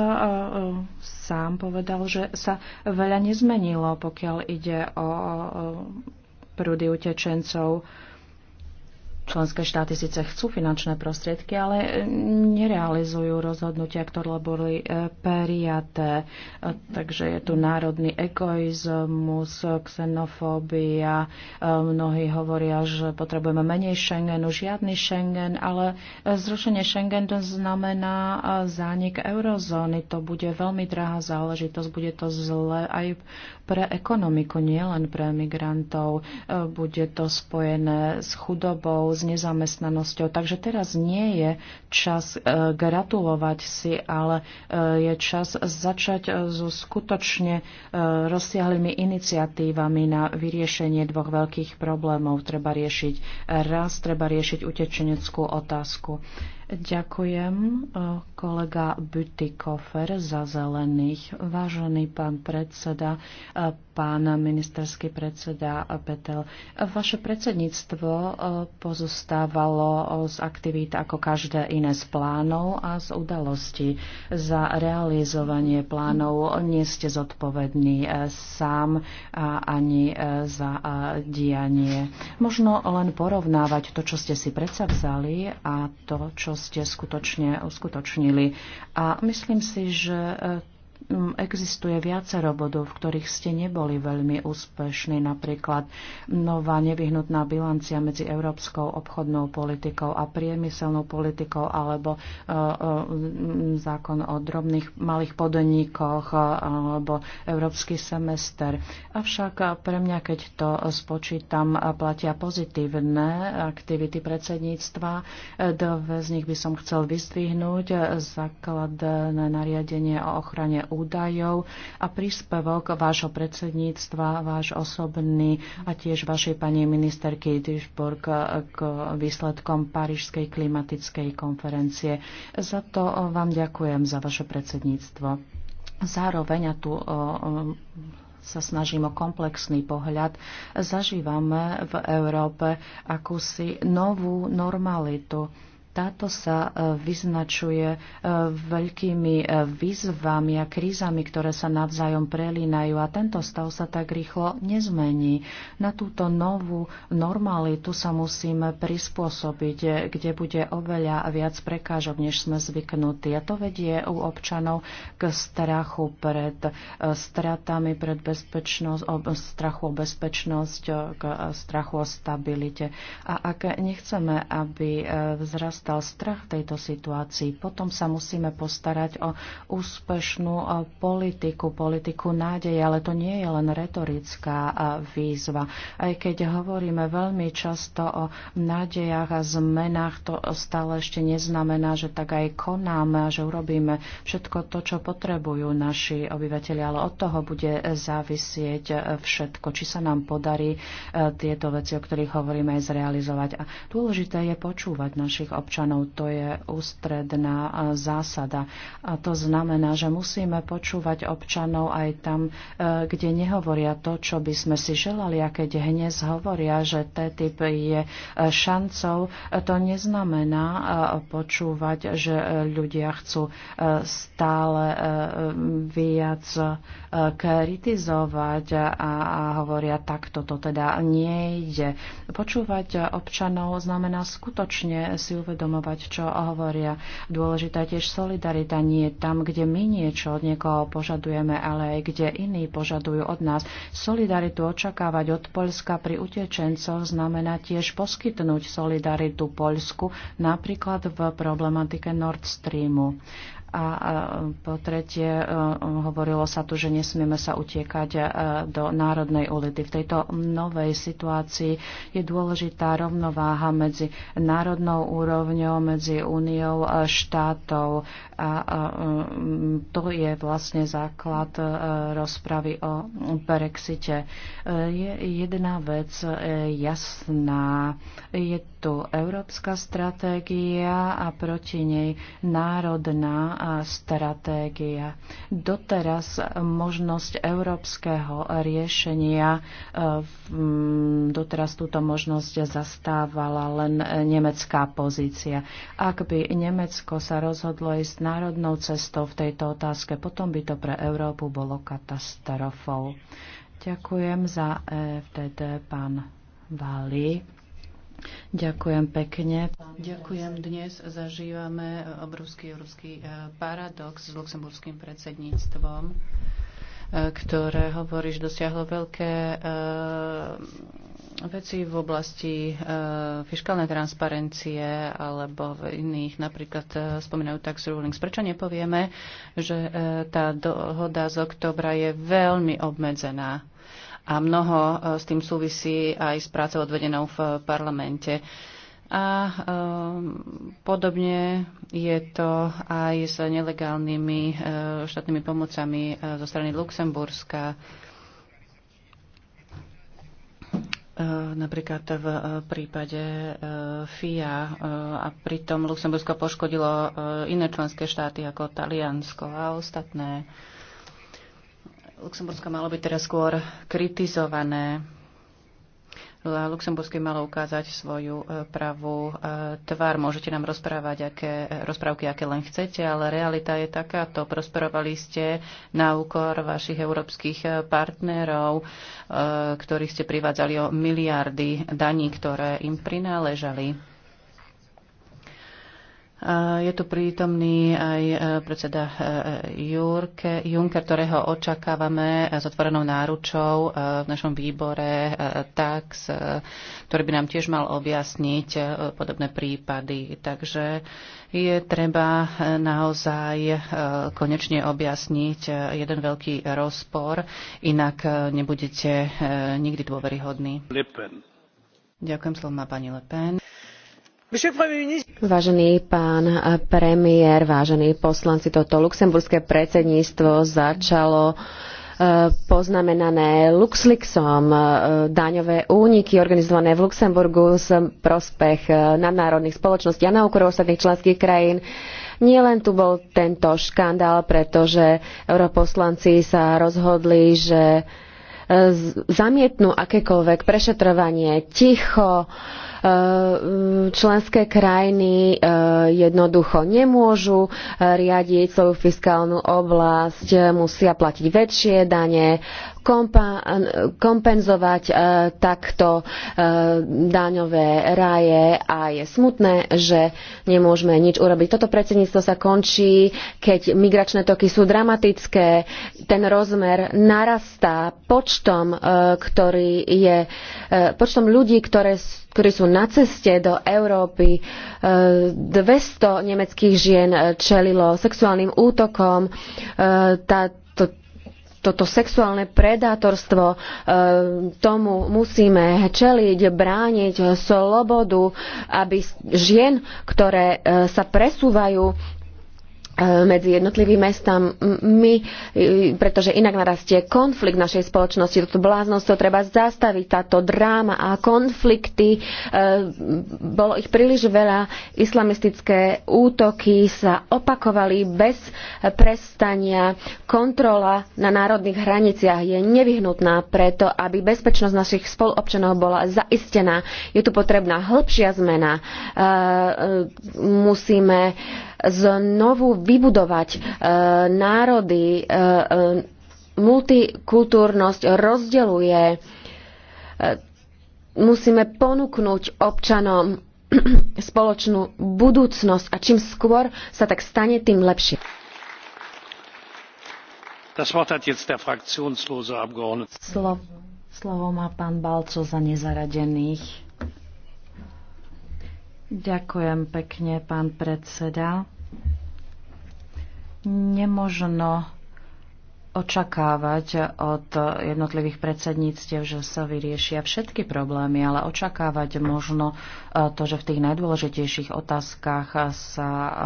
sám povedal, že sa veľa nezmenilo, pokiaľ ide o prúdy utečencov členské štáty síce chcú finančné prostriedky, ale e, nerealizujú rozhodnutia, ktoré boli e, prijaté. E, takže je tu národný egoizmus, xenofóbia. Mnohí hovoria, že potrebujeme menej Schengenu, žiadny Schengen, ale zrušenie Schengen to znamená zánik eurozóny. To bude veľmi drahá záležitosť, bude to zle aj pre ekonomiku, nielen pre migrantov. Bude to spojené s chudobou, s nezamestnanosťou. Takže teraz nie je čas e, gratulovať si, ale e, je čas začať e, so skutočne rozsiahlými iniciatívami na vyriešenie dvoch veľkých problémov. Treba riešiť raz, treba riešiť utečeneckú otázku. Ďakujem e, kolega Butikofer za zelených. Vážený pán predseda, e, pán ministerský predseda Petel, vaše predsedníctvo e, pozostávalo z aktivít ako každé iné z plánov a z udalostí. Za realizovanie plánov nie ste zodpovední sám a ani za dianie. Možno len porovnávať to, čo ste si predsa vzali a to, čo ste skutočne uskutočnili. A myslím si, že e, Mm, existuje viacero bodov, v ktorých ste neboli veľmi úspešní, napríklad nová nevyhnutná bilancia medzi európskou obchodnou politikou a priemyselnou politikou, alebo e, e, mm, zákon o drobných malých podnikoch, e, alebo európsky semester. Avšak pre mňa, keď to spočítam, platia pozitívne aktivity predsedníctva. Dve z nich by som chcel vyzdvihnúť. Základné nariadenie o ochrane údajov údajov a príspevok vášho predsedníctva, váš osobný a tiež vašej pani ministerky Duisburg k výsledkom Parížskej klimatickej konferencie. Za to vám ďakujem za vaše predsedníctvo. Zároveň a tu sa snažím o komplexný pohľad, zažívame v Európe akúsi novú normalitu táto sa e, vyznačuje e, veľkými e, výzvami a krízami, ktoré sa navzájom prelínajú a tento stav sa tak rýchlo nezmení. Na túto novú normalitu sa musíme prispôsobiť, kde bude oveľa viac prekážok, než sme zvyknutí. A to vedie u občanov k strachu pred stratami, pred bezpečnosť, strachu o bezpečnosť, k strachu o stabilite. A ak nechceme, aby vzrast nastal strach v tejto situácii. Potom sa musíme postarať o úspešnú e, politiku, politiku nádeje, ale to nie je len retorická e, výzva. Aj keď hovoríme veľmi často o nádejach a zmenách, to stále ešte neznamená, že tak aj konáme a že urobíme všetko to, čo potrebujú naši obyvateľi, ale od toho bude závisieť e, všetko, či sa nám podarí tieto veci, o ktorých hovoríme, aj zrealizovať. A dôležité je počúvať našich občanov občanov. To je ústredná zásada. A to znamená, že musíme počúvať občanov aj tam, e, kde nehovoria to, čo by sme si želali. A keď hneď hovoria, že TTIP je e, šancou, e, to neznamená počúvať, že ľudia chcú stále viac kritizovať a hovoria, takto to teda nejde. Počúvať občanov znamená skutočne si uvedomiť, uvedomovať, čo hovoria. Dôležitá tiež solidarita nie tam, kde my niečo od niekoho požadujeme, ale aj kde iní požadujú od nás. Solidaritu očakávať od Polska pri utečencoch znamená tiež poskytnúť solidaritu Polsku, napríklad v problematike Nord Streamu. A po tretie, e, hovorilo sa tu, že nesmieme sa utiekať e, do národnej ulity. V tejto novej situácii je dôležitá rovnováha medzi národnou úrovňou, medzi úniou e, štátov. A mm, to je vlastne základ rozpravy o Brexite. Je jedna vec jasná. Je tu európska stratégia a proti nej národná stratégia. Doteraz možnosť európskeho riešenia, e, doteraz túto možnosť zastávala len nemecká pozícia. Ak by Nemecko sa rozhodlo ísť národnou cestou v tejto otázke, potom by to pre Európu bolo katastrofou. Ďakujem za FTD, e, pán Vali. Ďakujem pekne. Ďakujem. Dnes zažívame obrovský európsky e, paradox s luxemburským predsedníctvom, e, ktoré hovorí, že dosiahlo veľké e, veci v oblasti fiskálnej transparencie alebo v iných, napríklad spomínajú tax rulings. Prečo nepovieme, že tá dohoda z oktobra je veľmi obmedzená? a mnoho e, s tým súvisí aj s prácou odvedenou v parlamente. A e, podobne je to aj s nelegálnymi e, štátnymi pomocami zo strany Luxemburska. napríklad v prípade FIA a pritom Luxembursko poškodilo iné členské štáty ako Taliansko a ostatné. Luxembursko malo byť teraz skôr kritizované. Luxembursko malo ukázať svoju e, pravú e, tvár. Môžete nám rozprávať aké, e, rozprávky, aké len chcete, ale realita je takáto. Prosperovali ste na úkor vašich európskych partnerov, ktorých ste privádzali o miliardy daní, ktoré im prináležali. Eh, je tu prítomný aj eh, predseda eh, Jurke, Juncker, ktorého očakávame s otvorenou náručou v našom výbore TAX, ktorý by nám tiež mal objasniť podobné prípady. Takže je treba naozaj konečne objasniť jeden veľký rozpor, inak nebudete nikdy dôveryhodní. Ďakujem, slovo má pani Le Pen. Vážený pán eh, premiér, vážení poslanci, toto luxemburské predsedníctvo začalo eh, poznamenané LuxLeaksom, eh, daňové úniky organizované v Luxemburgu z prospech nadnárodných spoločností a na úkor ostatných členských krajín. Nielen tu bol tento škandál, pretože europoslanci sa rozhodli, že zamietnú akékoľvek prešetrovanie ticho, Eh, členské krajiny eh, jednoducho nemôžu eh, riadiť svoju fiskálnu oblasť, musia platiť väčšie dane, kompenzovať takto daňové ráje a je smutné, že nemôžeme nič urobiť. Toto predsedníctvo sa končí, keď migračné toky sú dramatické, ten rozmer narastá počtom, ktorý je, počtom ľudí, ktoré sú ktorí sú na ceste do Európy. 200 e, nemeckých žien e, čelilo sexuálnym útokom. E, Táto, toto sexuálne predátorstvo, tomu musíme čeliť, brániť slobodu, aby žien, ktoré sa presúvajú E, medzi jednotlivými mestami, e, pretože inak narastie konflikt našej spoločnosti. Toto bláznostvo treba zastaviť, táto dráma a konflikty. E, bolo ich príliš veľa. Islamistické útoky sa opakovali bez prestania. Kontrola na národných hraniciach je nevyhnutná preto, aby bezpečnosť našich spoluobčanov bola zaistená. Je tu potrebná hĺbšia zmena. Musíme znovu vybudovať e, národy. E, e, multikultúrnosť rozdeluje. Musíme ponúknuť občanom spoločnú budúcnosť a čím skôr sa tak stane, tým lepšie. Slovo, slovo má pán Balco za nezaradených. Ďakujem pekne, pán predseda. Nemožno očakávať od jednotlivých predsedníctiev, že sa vyriešia všetky problémy, ale očakávať možno eh, to, že v tých najdôležitejších otázkach sa eh,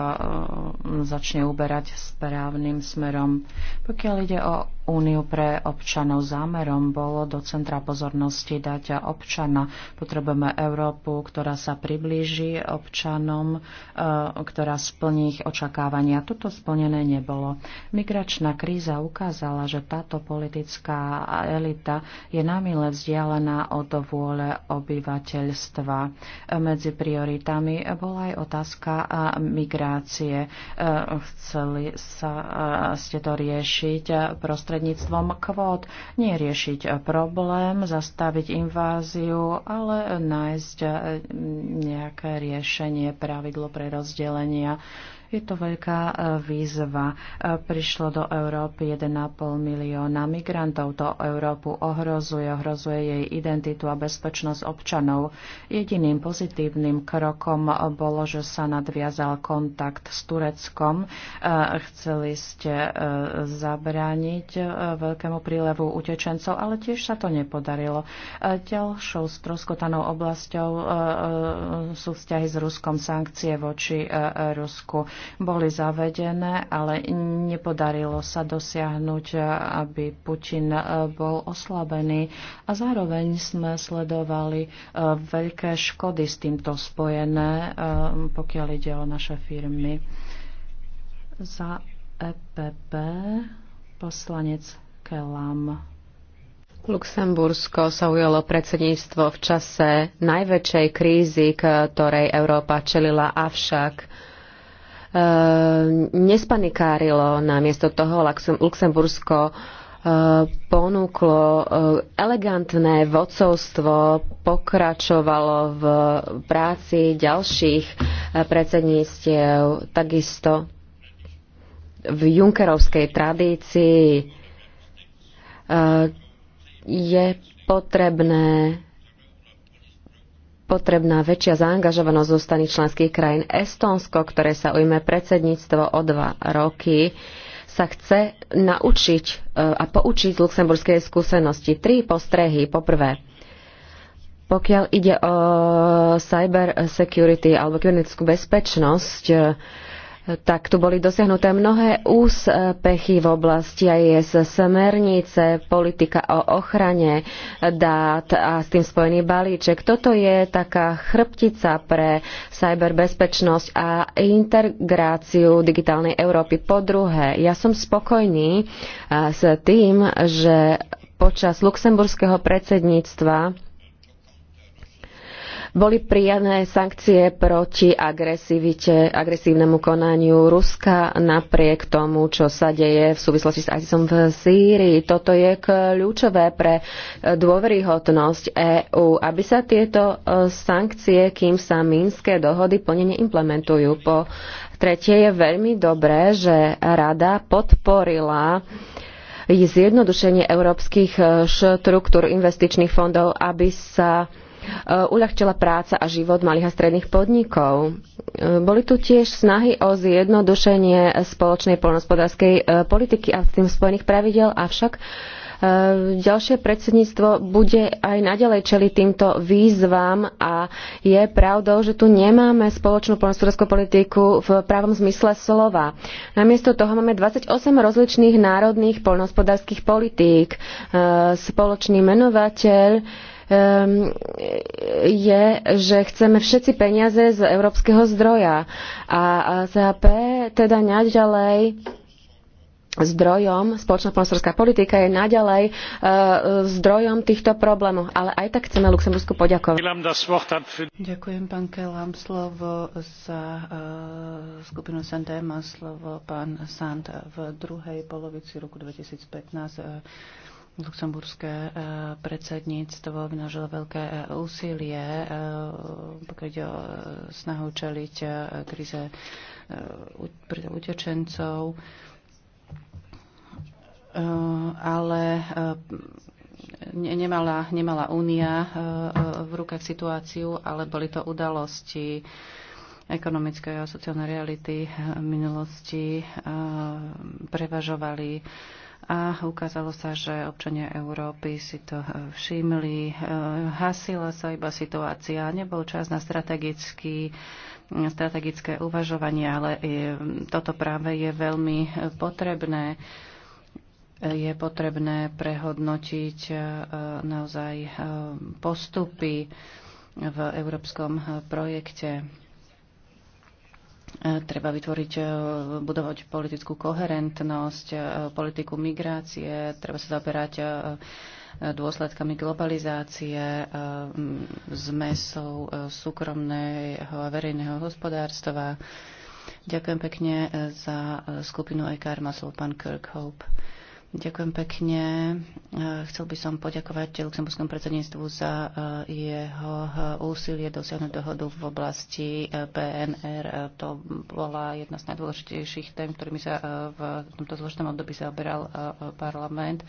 začne uberať správnym smerom. Pokiaľ ide o úniu pre občanov. Zámerom bolo do centra pozornosti dať občana. Potrebujeme Európu, ktorá sa priblíži občanom, e, ktorá splní ich očakávania. Toto splnené nebolo. Migračná kríza ukázala, že táto politická elita je námile vzdialená od vôle obyvateľstva. Medzi prioritami bola aj otázka migrácie. E, chceli sa e, ste to riešiť prostredníctvom prostredníctvom kvót. neriešiť problém, zastaviť inváziu, ale nájsť eh, nejaké riešenie, pravidlo pre rozdelenia je to veľká e, výzva. E, prišlo do Európy 1,5 milióna migrantov. To Európu ohrozuje, ohrozuje jej identitu a bezpečnosť občanov. Jediným pozitívnym krokom bolo, že sa nadviazal kontakt s Tureckom. E, chceli ste zabrániť veľkému prílevu utečencov, ale tiež sa to nepodarilo. Ďalšou stroskotanou oblasťou sú vzťahy s Ruskom, sankcie voči Rusku boli zavedené, ale nepodarilo sa dosiahnuť, aby Putin eh, bol oslabený. A zároveň sme sledovali eh, veľké škody s týmto spojené, eh, pokiaľ ide o naše firmy. Za EPP poslanec Kelam. Luxembursko sa ujalo predsedníctvo v čase najväčšej krízy, ktorej Európa čelila, avšak Ehm, nespanikárilo. Namiesto toho Luxembursko ehm, ponúklo ehm, elegantné vodcovstvo, pokračovalo v práci ďalších eh, predsedníctiev, takisto v junkerovskej tradícii je potrebné potrebná väčšia zaangažovanosť zo strany členských krajín. Estonsko, ktoré sa ujme predsedníctvo o dva roky, sa chce naučiť e, a poučiť z luxemburskej skúsenosti. Tri postrehy. Poprvé, pokiaľ ide o cyber security alebo kybernetickú bezpečnosť, tak tu boli dosiahnuté mnohé úspechy v oblasti aj smernice, politika o ochrane dát a s tým spojený balíček. Toto je taká chrbtica pre cyberbezpečnosť a integráciu digitálnej Európy. Po druhé, ja som spokojný eh, s tým, že počas luxemburského predsedníctva boli prijané sankcie proti agresivite, agresívnemu konaniu Ruska napriek tomu, čo sa deje v súvislosti s ISISom v Sýrii. Toto je kľúčové pre dôveryhodnosť EÚ, aby sa tieto e, sankcie, kým sa mínske dohody plne neimplementujú. Po tretie je veľmi dobré, že Rada podporila zjednodušenie európskych štruktúr investičných fondov, aby sa Eh, uľahčila práca a život malých a stredných podnikov. Eh, boli tu tiež snahy o zjednodušenie spoločnej polnospodárskej eh, politiky a s tým spojených pravidel, avšak ďalšie predsedníctvo bude aj naďalej čeliť týmto výzvam a je pravdou, že tu nemáme spoločnú polnospodárskú politiku v právom zmysle slova. Namiesto toho máme 28 rozličných národných poľnohospodárskych politík. Spoločný menovateľ Ehm, je, že chceme všetci peniaze z európskeho zdroja. A CHP teda naďalej zdrojom, spoločná politika je naďalej uh, zdrojom týchto problémov. Ale aj tak chceme Luxembursku poďakovať. Ďakujem, pán Kelam. Slovo za uh, skupinu SND má slovo pán Sand v druhej polovici roku 2015. Uh, Luxemburské e, predsedníctvo vynaložilo veľké e, úsilie, e, pokiaľ ide o snahu čeliť krize utečencov, ale nemala, nemala únia v rukách situáciu, ale boli to udalosti ekonomické a sociálne reality v minulosti prevažovali a ukázalo sa, že občania Európy si to e, všimli. E, hasila sa iba situácia, nebol čas na strategický strategické uvažovanie, ale e, toto práve je veľmi potrebné. Je potrebné prehodnotiť naozaj postupy v európskom projekte. E, treba vytvoriť, e, budovať politickú koherentnosť, e, politiku migrácie, treba sa zaoberať dôsledkami globalizácie, zmesov súkromného a verejného hospodárstva. Ďakujem pekne za skupinu EKR, má slovo pán Kirkhope. Ďakujem pekne. Eh, chcel by som poďakovať Luxemburskému predsedníctvu za eh, jeho eh, úsilie dosiahnuť dohodu v oblasti PNR. To bola jedna z najdôležitejších tém, ktorými sa v tomto zložitom období zaoberal parlament.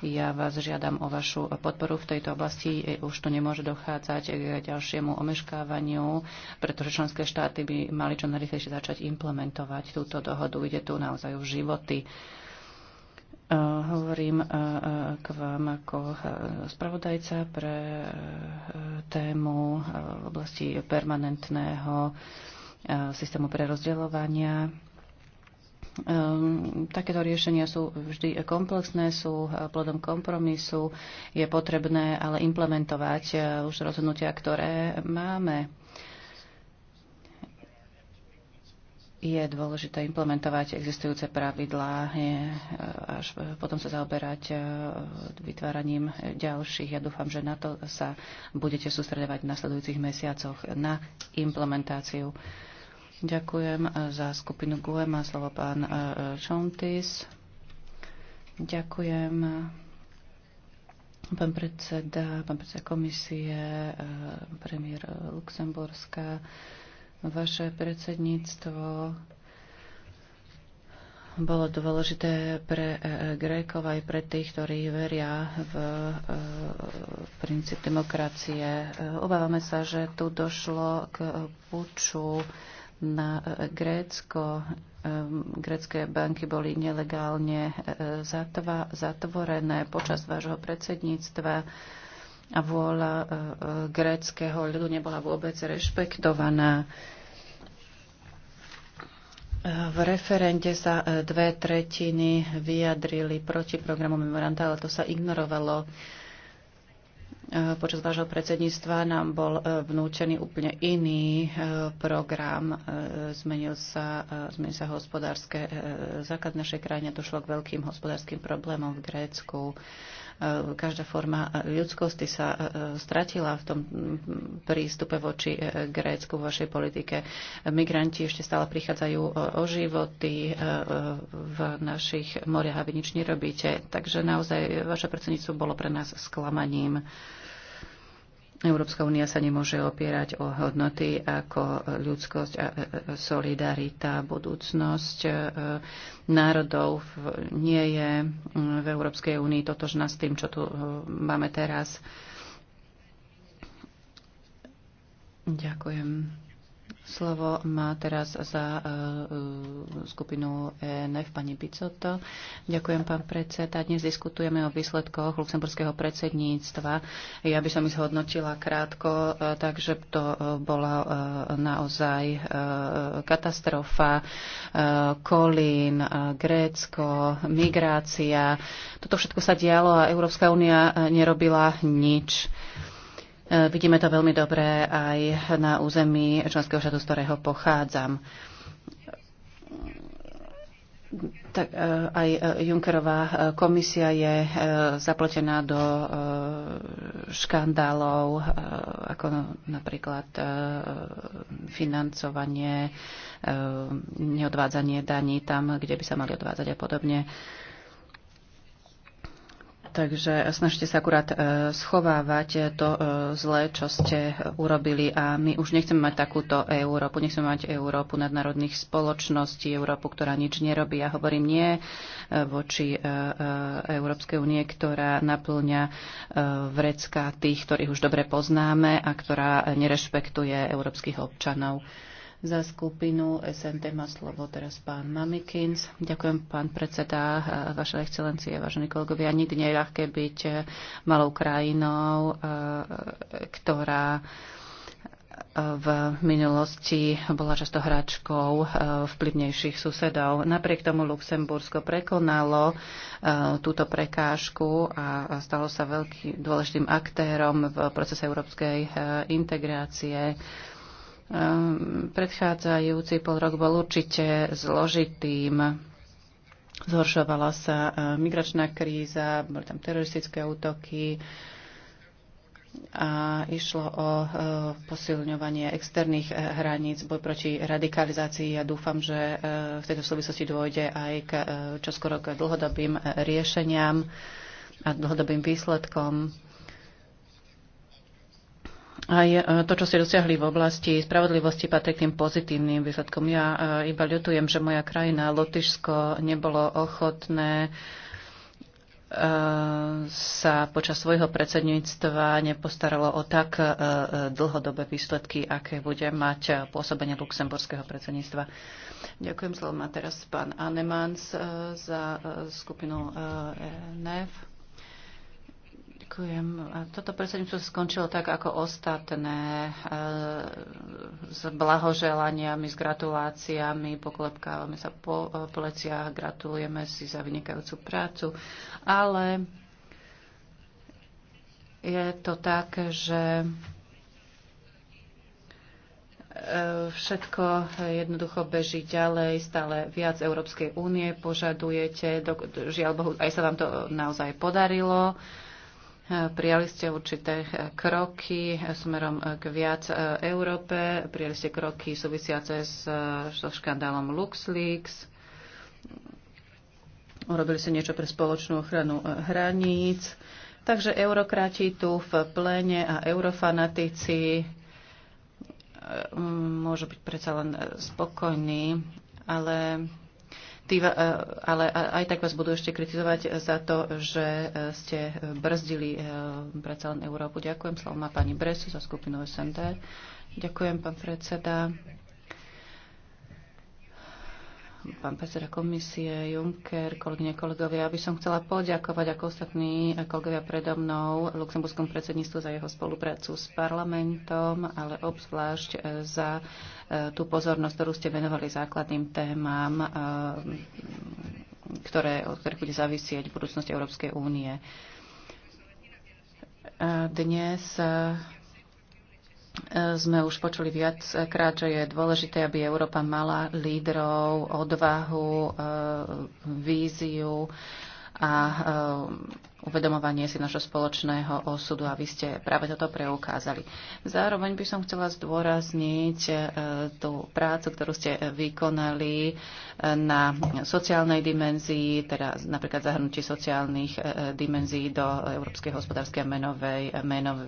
Ja vás žiadam o vašu podporu v tejto oblasti. Už tu nemôže dochádzať k ďalšiemu omeškávaniu, pretože členské štáty by mali čo najrychlejšie začať implementovať túto dohodu. Ide tu naozaj o životy E, hovorím e, e, k vám ako spravodajca pre tému v oblasti permanentného systému prerozdeľovania. Takéto riešenia sú vždy komplexné, sú plodom kompromisu, je potrebné ale implementovať už rozhodnutia, ktoré máme je dôležité implementovať existujúce pravidlá e, až potom sa zaoberať e, vytváraním ďalších. Ja dúfam, že na to sa budete sústredovať v nasledujúcich mesiacoch na implementáciu. Ďakujem e, za skupinu GUE. Má slovo pán Čontis. Ďakujem. Pán predseda, pán predseda komisie, premiér Luxemburska. Vaše predsedníctvo bolo dôležité pre e, e, Grékov aj pre tých, ktorí veria v e, princíp demokracie. Obávame sa, že tu došlo k puču na Grécko. Grécké banky boli nelegálne zatvorené počas vášho predsedníctva a vôľa e, e, gréckého ľudu nebola vôbec rešpektovaná. E, v referende sa dve tretiny vyjadrili proti programu memoranda, ale to sa ignorovalo. Počas vášho predsedníctva nám bol vnúčený úplne iný program. Zmenil sa, zmenil sa hospodárske základ našej krajine, došlo k veľkým hospodárskym problémom v Grécku E, každá forma ľudskosti sa e, stratila v tom prístupe voči e, Grécku, v vašej politike. Migranti ešte stále prichádzajú o životy v našich moriach aby nič nerobíte. Takže naozaj vaše predsedníctvo bolo pre nás sklamaním. Európska únia sa nemôže opierať o hodnoty ako ľudskosť e, e, solidarita, budúcnosť e, národov nie je v Európskej únii totožná s tým, čo tu máme teraz. Ďakujem. Slovo má teraz za e, e, skupinu ENF pani Picoto. Ďakujem, pán predseda. Dnes diskutujeme o výsledkoch luxemburského predsedníctva. Ja by som ich zhodnotila krátko, e, takže to bola naozaj katastrofa. Kolín, Grécko, migrácia. Toto všetko sa dialo a Európska únia nerobila nič. Eh, vidíme to veľmi dobre aj na území členského štátu, z ktorého pochádzam. Tak eh, aj eh, Junckerová komisia je zapletená do škandálov, ako napríklad financovanie, neodvádzanie daní tam, kde by sa mali odvádzať a podobne. Takže snažte sa akurát e, schovávať to e, zlé, čo ste urobili a my už nechceme mať takúto Európu. Nechceme mať Európu nadnárodných spoločností, Európu, ktorá nič nerobí. Ja hovorím nie e, voči Európskej únie, ktorá naplňa vrecka tých, ktorých už dobre poznáme a ktorá nerešpektuje európskych občanov. Za skupinu SNT má slovo teraz pán Mamikins. Ďakujem, pán predseda, vaša excelencie, vážení kolegovia. Nikdy nie je ľahké byť eh, malou krajinou, eh, ktorá eh, v minulosti bola často hračkou vplyvnejších susedov. Napriek tomu Luxembursko prekonalo túto prekážku a stalo sa veľkým dôležitým aktérom v procese európskej integrácie. Ehm, predchádzajúci pol rok bol určite zložitým. Zhoršovala sa ehm, migračná kríza, boli tam teroristické útoky a išlo o ehm, posilňovanie externých e, hraníc, boj proti radikalizácii. Ja dúfam, že e, v tejto súvislosti dôjde aj k e, čoskoro k dlhodobým riešeniam a dlhodobým výsledkom aj e, to, čo ste dosiahli v oblasti spravodlivosti, patrí k tým pozitívnym výsledkom. Ja e, iba ľutujem, že moja krajina, Lotyšsko, nebolo ochotné e, sa počas svojho predsedníctva nepostaralo o tak dlhodobé výsledky, aké bude mať pôsobenie luxemburského predsedníctva. Ďakujem slovo má teraz pán Anemans za skupinu NF. Ďakujem. Toto predsedníctvo skončilo tak ako ostatné e, s blahoželaniami, s gratuláciami, poklepkávame sa po e, pleciach, gratulujeme si za vynikajúcu prácu, ale je to tak, že e, všetko jednoducho beží ďalej, stále viac Európskej únie požadujete, žiaľ Bohu, aj sa vám to naozaj podarilo. Prijali ste určité eh, kroky eh, smerom eh, k viac Európe, prijali ste kroky súvisiace so škandálom LuxLeaks, urobili ste niečo pre spoločnú ochranu hraníc. Takže eurokrati tu v plene a eurofanatici môžu byť predsa len spokojní, ale E, ale aj tak vás budú ešte kritizovať za to, že e, ste brzdili e, predsa len Európu. Ďakujem, slovo má pani Bresu za skupinu SND. Ďakujem, pán predseda pán predseda komisie Juncker, kolegyne, kolegovia. Ja by som chcela poďakovať ako ostatní kolegovia predo mnou Luxemburskom predsedníctvu za jeho spoluprácu s parlamentom, ale obzvlášť e, za e, tú pozornosť, ktorú ste venovali základným témam, e, ktoré, od ktorých bude v budúcnosť Európskej únie. Dnes sme už počuli viackrát, že je dôležité, aby Európa mala lídrov, odvahu, e, víziu a e, uvedomovanie si našho spoločného osudu a vy ste práve toto preukázali. Zároveň by som chcela zdôrazniť e, tú prácu, ktorú ste vykonali e, na sociálnej dimenzii, teda napríklad zahrnutie sociálnych dimenzií do Európskej hospodárskej a menovej menov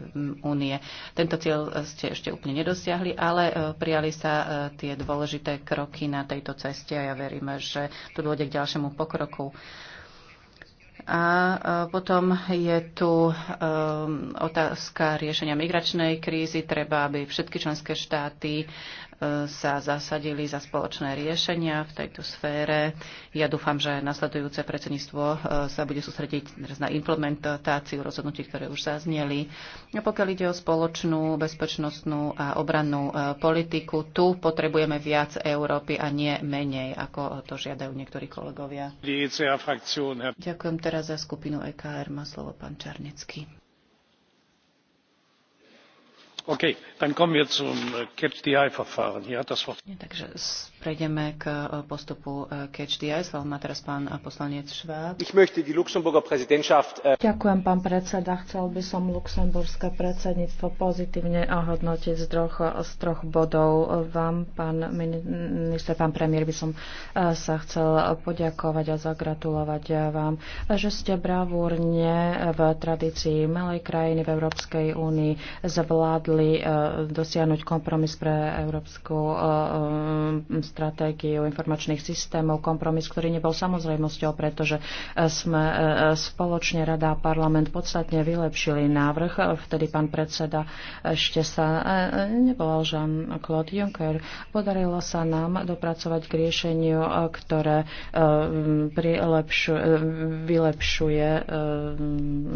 únie. Tento cieľ ste ešte úplne nedosiahli, ale prijali sa tie dôležité kroky na tejto ceste a ja verím, že to dôjde k ďalšiemu pokroku. A e, potom je tu e, otázka riešenia migračnej krízy. Treba, aby všetky členské štáty sa zasadili za spoločné riešenia v tejto sfére. Ja dúfam, že nasledujúce predsedníctvo e, sa bude sústrediť na implementáciu rozhodnutí, ktoré už zazneli. A pokiaľ ide o spoločnú bezpečnostnú a obrannú e, politiku, tu potrebujeme viac Európy a nie menej, ako to žiadajú niektorí kolegovia. E Ďakujem teraz za skupinu EKR. Má slovo pán Čarnecký. Äh, takže prejdeme k äh, postupu äh, catch the eye. Slovo má teraz pán poslanec Schwab. Ďakujem, pán predseda. Chcel by som luxemburské predsedníctvo pozitívne ohodnotiť z troch, z troch bodov. Vám, pán minister, pán premiér, by som sa chcel poďakovať a zagratulovať vám, že ste bravúrne v tradícii malej krajiny v Európskej únii zvládli rozhodli e, dosiahnuť kompromis pre európsku e, e, stratégiu informačných systémov. Kompromis, ktorý nebol samozrejmosťou, pretože sme spoločne Rada a parlament podstatne vylepšili návrh. Vtedy pán predseda ešte sa nevolal Jean-Claude Juncker. Podarilo sa nám dopracovať k riešeniu, ktoré vylepšuje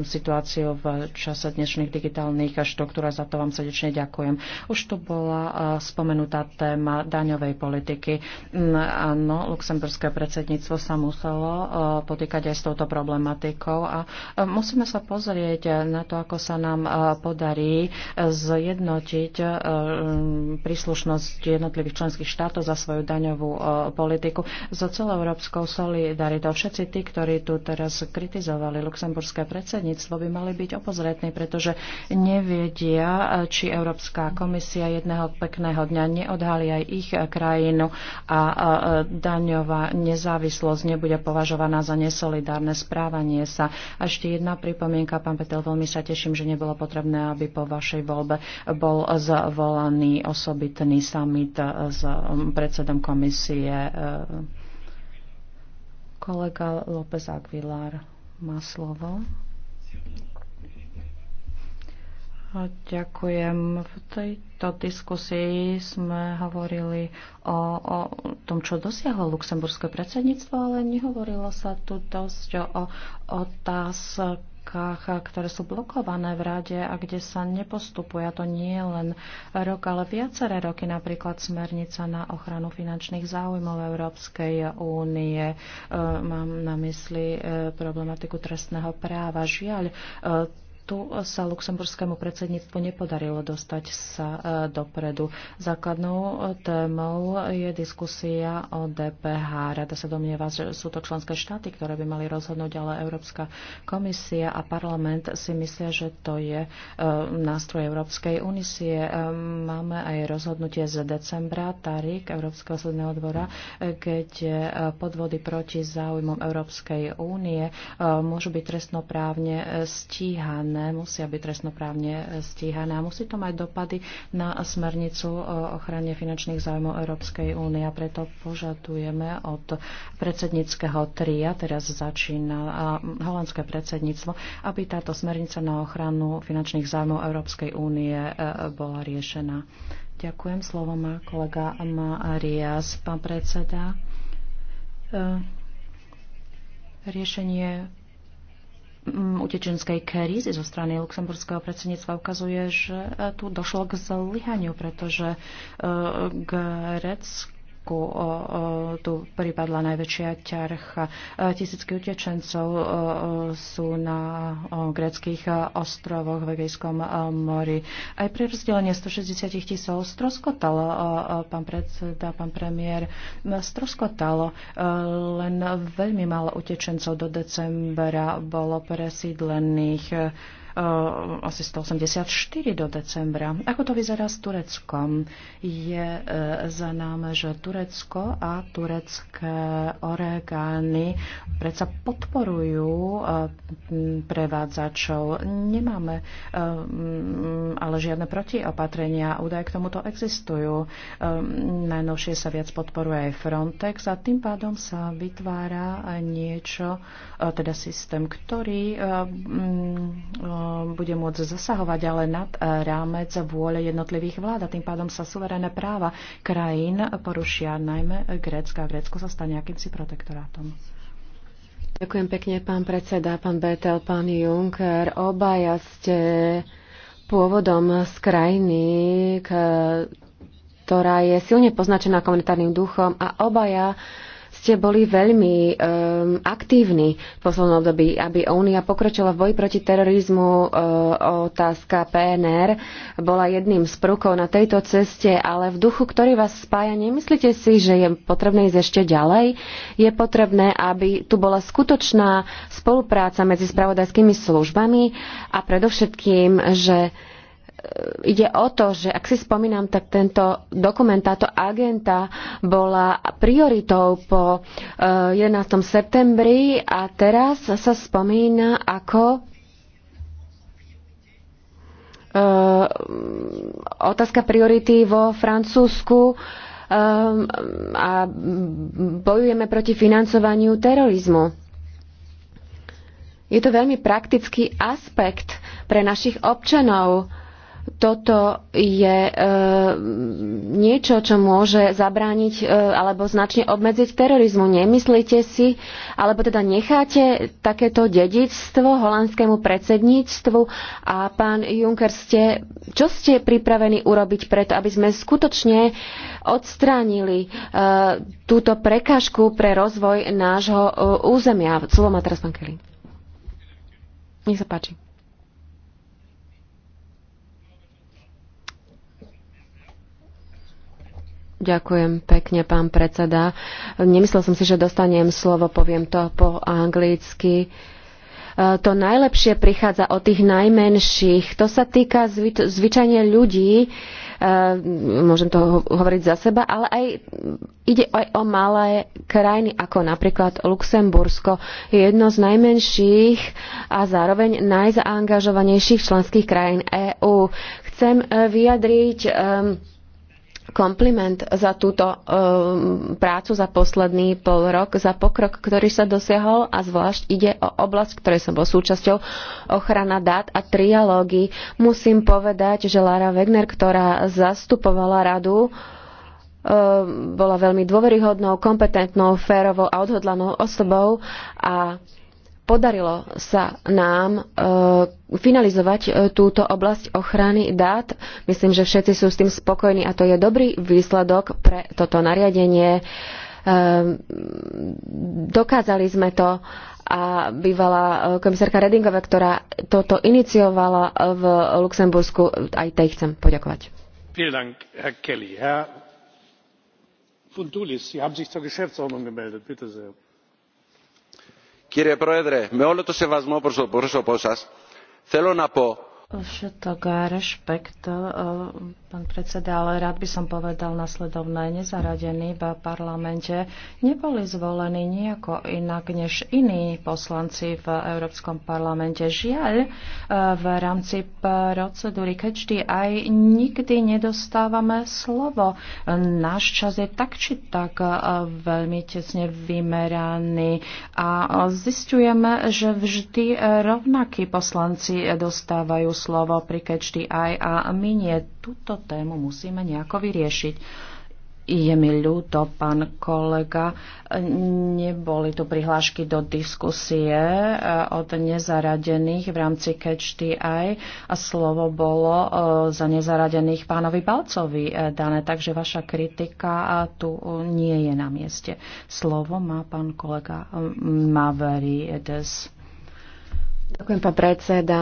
situáciu v čase dnešných digitálnych štruktúr. Za to vám sa srdečne ďakujem. Už tu bola e, spomenutá téma daňovej politiky. Mm, áno, luxemburské predsedníctvo sa muselo e, potýkať aj s touto problematikou a e, musíme sa pozrieť na to, ako sa nám podarí zjednotiť príslušnosť jednotlivých členských štátov za svoju daňovú politiku so celoeurópskou solidaritou. Všetci tí, ktorí tu teraz kritizovali luxemburské predsedníctvo, by mali byť opozretní, pretože nevedia, či Európska komisia jedného pekného dňa neodhalí aj ich eh, krajinu a eh, eh, daňová nezávislosť nebude považovaná za nesolidárne správanie sa. A ešte jedna pripomienka, pán Petel, veľmi sa teším, že nebolo potrebné, aby po vašej voľbe bol zvolaný osobitný summit s mm, predsedom komisie kolega López Aguilar má slovo. Ďakujem. V tejto diskusii sme hovorili o, o tom, čo dosiahlo luxemburské predsedníctvo, ale nehovorilo sa tu dosť o otázkach, ktoré sú blokované v rade a kde sa nepostupuje. A to nie je len rok, ale viaceré roky, napríklad smernica na ochranu finančných záujmov Európskej únie. E, mám na mysli e, problematiku trestného práva. Žiaľ, e, tu sa luxemburskému predsedníctvu nepodarilo dostať sa e, dopredu. Základnou e, témou je diskusia o DPH. Rada sa domnieva, že sú to členské štáty, ktoré by mali rozhodnúť, ale Európska komisia a parlament si myslia, že to je e, nástroj Európskej unisie. Máme aj rozhodnutie z decembra, Tarik Európskeho súdneho dvora, keď podvody proti záujmom Európskej únie môžu byť trestnoprávne stíhané trestné, musia byť trestnoprávne eh, stíhané a musí to mať dopady na smernicu o ochrane finančných záujmov Európskej únie a preto požadujeme od predsedníckého tria, teraz začína holandské predsedníctvo, aby táto smernica na ochranu finančných záujmov Európskej únie eh, bola riešená. Ďakujem. Slovo má kolega Marias, pán predseda. Eh, riešenie Mm, utečenskej krízy zo strany luxemburského predsedníctva ukazuje, že tu došlo k zlyhaniu, pretože e, Grécko Iraku tu pripadla najväčšia ťarch. Tisícky utečencov sú na greckých ostrovoch v Egejskom mori. Aj pri rozdelenie 160 tisov. stroskotalo, pán predseda, pán premiér, stroskotalo. Len veľmi málo utečencov do decembra bolo presídlených. Eh, asi 184 do decembra. Ako to vyzerá s Tureckom? Je eh, za nám, že Turecko a turecké orgány predsa podporujú eh, prevádzačov. Nemáme mm, ale žiadne protiopatrenia. Údaje k tomuto existujú. Najnovšie sa viac podporuje aj Frontex a tým pádom sa vytvára niečo, teda systém, ktorý mm, bude môcť zasahovať ale nad e, rámec vôle jednotlivých vlád a tým pádom sa suverénne práva krajín porušia najmä Grécka. a Grécko sa stane akýmsi protektorátom. Ďakujem pekne, pán predseda, pán Betel, pán Juncker. Obaja ste pôvodom z krajiny, ktorá je silne poznačená komunitárnym duchom a obaja ste boli veľmi um, aktívni v poslednom období, aby Únia pokročila v boji proti terorizmu. Uh, otázka PNR bola jedným z prvkov na tejto ceste, ale v duchu, ktorý vás spája, nemyslíte si, že je potrebné ísť ešte ďalej? Je potrebné, aby tu bola skutočná spolupráca medzi spravodajskými službami a predovšetkým, že uh, ide o to, že ak si spomínam, tak tento dokument, táto agenta bola prioritou po 11. Eh, septembri a teraz sa spomína ako eh, otázka priority vo Francúzsku eh, a bojujeme proti financovaniu terorizmu. Je to veľmi praktický aspekt pre našich občanov toto je e, niečo, čo môže zabrániť e, alebo značne obmedziť terorizmu. Nemyslíte si, alebo teda necháte takéto dedičstvo holandskému predsedníctvu a pán Juncker, ste, čo ste pripravení urobiť preto, aby sme skutočne odstránili e, túto prekážku pre rozvoj nášho e, územia? Slovo má teraz pán Kelly. Nech sa páči. Ďakujem pekne, pán predseda. Nemyslel som si, že dostanem slovo, poviem to po anglicky. E, to najlepšie prichádza od tých najmenších. To sa týka zvy, zvyčajne ľudí, e, môžem to hovoriť za seba, ale aj ide aj o malé krajiny, ako napríklad Luxembursko. Je jedno z najmenších a zároveň najzaangažovanejších členských krajín EÚ. Chcem e, vyjadriť kompliment za túto um, prácu za posledný pol rok, za pokrok, ktorý sa dosiahol a zvlášť ide o oblasť, ktorej som bol súčasťou, ochrana dát a trialógy. Musím povedať, že Lara Wegner, ktorá zastupovala radu, eh, bola veľmi dôveryhodnou, kompetentnou, férovou a odhodlanou osobou a podarilo sa nám e, finalizovať e, túto oblasť ochrany dát. Myslím, že všetci sú s tým spokojní a to je dobrý výsledok pre toto nariadenie. E, dokázali sme to a bývalá e, komisárka Redingová, ktorá toto iniciovala v Luxembursku, aj tej chcem poďakovať. Herr Kelly. Herr Funtulis, Sie haben sich zur Geschäftsordnung gemeldet. Bitte sehr Κύριε Πρόεδρε, με όλο το σεβασμό προς το πρόσωπό σας, θέλω να πω Všetok rešpekt pán predseda, ale rád by som povedal nasledovné. Nezaradení v parlamente neboli zvolení nejako inak než iní poslanci v Európskom parlamente. Žiaľ, eh, v rámci procedúry keďždy aj nikdy nedostávame slovo. Náš čas je tak či tak eh, veľmi tesne vymeraný a zistujeme, že vždy eh, rovnakí poslanci dostávajú slovo pri keďždy aj a my nie túto tému musíme nejako vyriešiť. Je mi ľúto, pán kolega, neboli tu prihlášky do diskusie e, od nezaradených v rámci Catch TI a slovo bolo e, za nezaradených pánovi Balcovi e, dané, takže vaša kritika tu nie je na mieste. Slovo má pán kolega Edes. Ďakujem, pán predseda.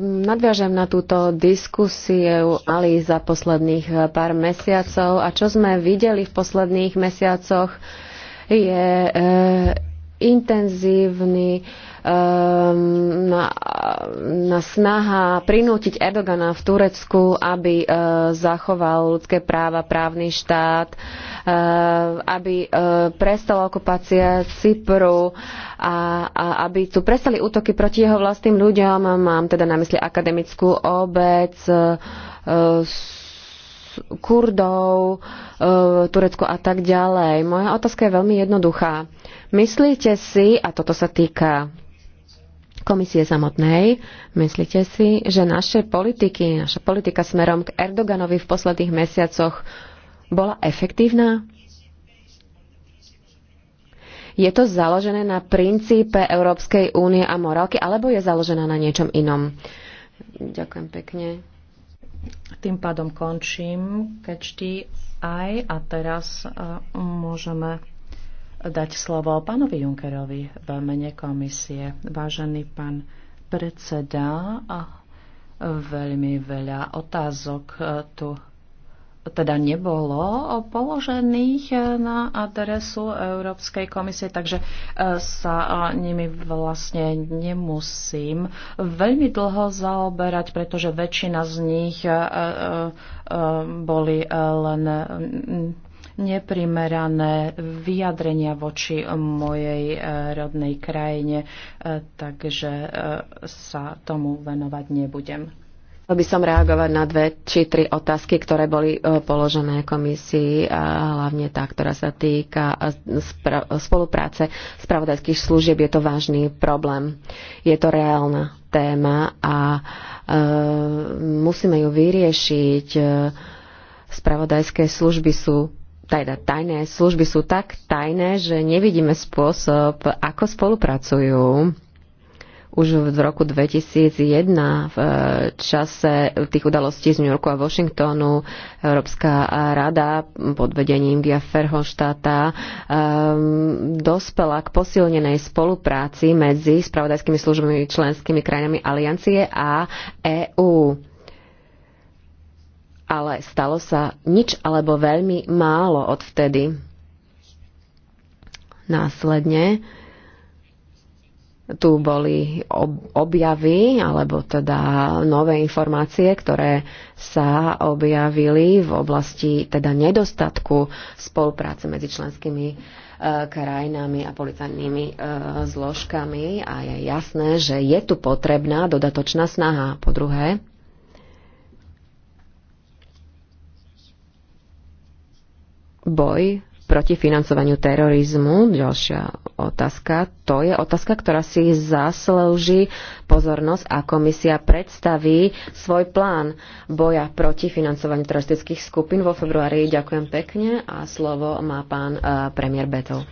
Nadviažem na túto diskusiu Ali za posledných eh, pár mesiacov a čo sme videli v posledných mesiacoch je eh, intenzívny um, na, na snaha prinútiť Erdogana v Turecku, aby uh, zachoval ľudské práva, právny štát, uh, aby uh, eh, prestala okupácia Cypru a, a aby tu prestali útoky proti jeho vlastným ľuďom. Mám teda na mysli akademickú obec, uh, Kurdov, e, Turecko a tak ďalej. Moja otázka je veľmi jednoduchá. Myslíte si, a toto sa týka komisie samotnej, myslíte si, že naše politiky, naša politika smerom k Erdoganovi v posledných mesiacoch bola efektívna? Je to založené na princípe Európskej únie a morálky, alebo je založená na niečom inom? Ďakujem pekne. Tým pádom končím kečty aj a teraz e, môžeme dať slovo pánovi Junkerovi v mene komisie. Vážený pán predseda, veľmi veľa otázok e, tu teda nebolo položených eh, na adresu Európskej komisie, takže eh, sa eh, nimi vlastne nemusím veľmi dlho zaoberať, pretože väčšina z nich boli len mm, neprimerané vyjadrenia voči mojej rodnej krajine, takže sa tomu venovať nebudem by som reagovať na dve či tri otázky, ktoré boli e, položené komisii, a hlavne tá, ktorá sa týka e, spolupráce spravodajských služieb. Je to vážny problém. Je to reálna téma a e, musíme ju vyriešiť. E, spravodajské služby sú teda tajné služby sú tak tajné, že nevidíme spôsob, ako spolupracujú už v roku 2001 v e, čase tých udalostí z New Yorku a Washingtonu Európska rada pod vedením Gia Ferhoštáta um, e, dospela k posilnenej spolupráci medzi spravodajskými službami členskými krajinami Aliancie a EÚ. Ale stalo sa nič alebo veľmi málo odvtedy. Následne tu boli objavy, alebo teda nové informácie, ktoré sa objavili v oblasti teda nedostatku spolupráce medzi členskými e, krajinami a policajnými e, zložkami a je jasné, že je tu potrebná dodatočná snaha. Po druhé, boj proti financovaniu terorizmu. Ďalšia otázka. To je otázka, ktorá si zaslúži pozornosť a komisia predstaví svoj plán boja proti financovaniu teroristických skupín vo februári. Ďakujem pekne a slovo má pán uh, premiér Betov.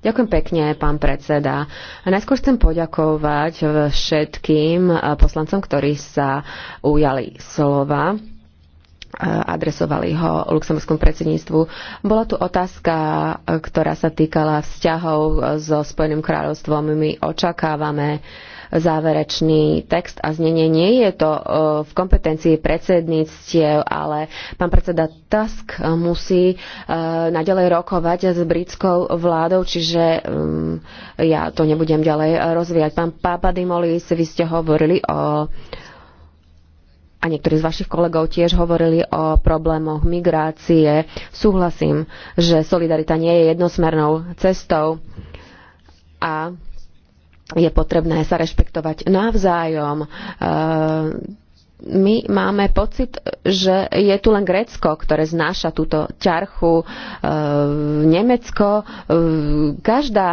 Ďakujem pekne, pán predseda. Najskôr chcem poďakovať všetkým e, poslancom, ktorí sa ujali slova adresovali ho luxemburskom predsedníctvu. Bola tu otázka, ktorá sa týkala vzťahov so Spojeným kráľovstvom. My očakávame záverečný text a znenie. Nie je to e, v kompetencii predsedníctiev, ale pán predseda Tusk musí e, naďalej rokovať s britskou vládou, čiže mm, ja to nebudem ďalej rozvíjať. Pán Papadimolis, vy ste hovorili o a niektorí z vašich kolegov tiež hovorili o problémoch migrácie. Súhlasím, že solidarita nie je jednosmernou cestou a je potrebné sa rešpektovať navzájom. E, my máme pocit, že je tu len Grécko, ktoré znáša túto ťarchu, e, Nemecko, e, každá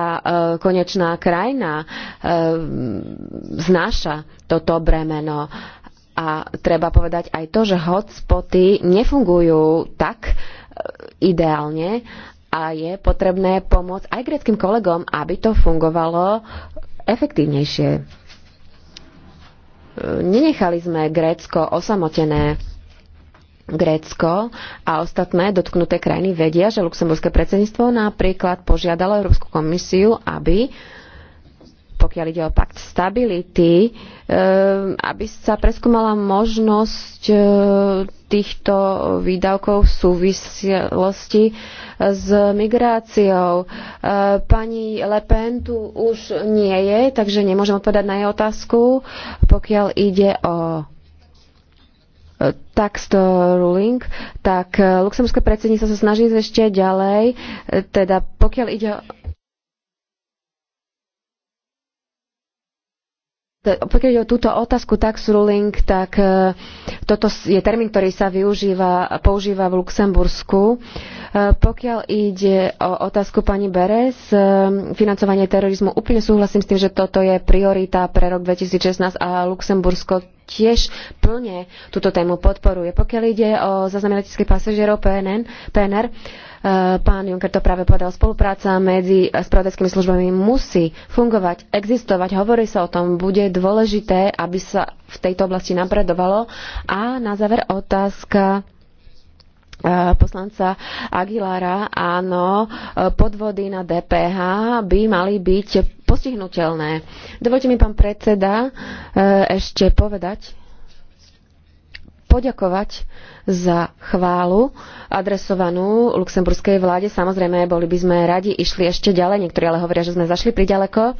konečná krajina znáša toto bremeno a treba povedať aj to, že hotspoty nefungujú tak e, ideálne a je potrebné pomôcť aj greckým kolegom, aby to fungovalo efektívnejšie. E, nenechali sme Grécko osamotené. Grécko a ostatné dotknuté krajiny vedia, že luxemburské predsedníctvo napríklad požiadalo Európsku komisiu, aby uh, pokiaľ ide o pakt stability, ehm, aby sa preskúmala možnosť e, týchto výdavkov v súvislosti e, s migráciou. E, pani Le Pen tu už nie je, takže nemôžem odpovedať na jej otázku, pokiaľ ide o tax ruling, tak luxemburské predsedníctvo sa snaží ešte ďalej, teda pokiaľ ide o pokiaľ ide o túto otázku tax ruling, tak e, toto je termín, ktorý sa využíva, používa v Luxembursku. E, pokiaľ ide o otázku pani Beres, e, financovanie terorizmu, úplne súhlasím s tým, že toto je priorita pre rok 2016 a Luxembursko tiež plne túto tému podporuje. Pokiaľ ide o zaznamenateľských pasažierov PNR, PNR, Eh, pán Juncker to práve povedal, spolupráca medzi spravodajskými službami musí fungovať, existovať, hovorí sa o tom, bude dôležité, aby sa v tejto oblasti napredovalo. A na záver otázka eh, poslanca Aguilara, áno, eh, podvody na DPH by mali byť postihnutelné. Dovolte mi, pán predseda, ešte povedať, poďakovať za chválu adresovanú luxemburskej vláde. Samozrejme, boli by sme radi, išli ešte ďalej. Niektorí ale hovoria, že sme zašli priďaleko.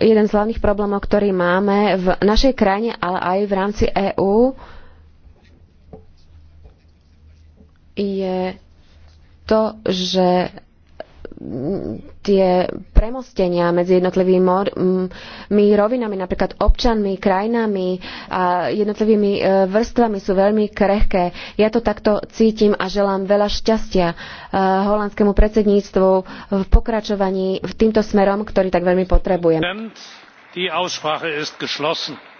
Jeden z hlavných problémov, ktorý máme v našej krajine, ale aj v rámci EÚ, je to, že tie premostenia medzi jednotlivými rovinami, napríklad občanmi, krajinami a jednotlivými e, vrstvami sú veľmi krehké. Ja to takto cítim a želám veľa šťastia e, holandskému predsedníctvu v pokračovaní v týmto smerom, ktorý tak veľmi potrebujeme. Die Aussprache ist geschlossen.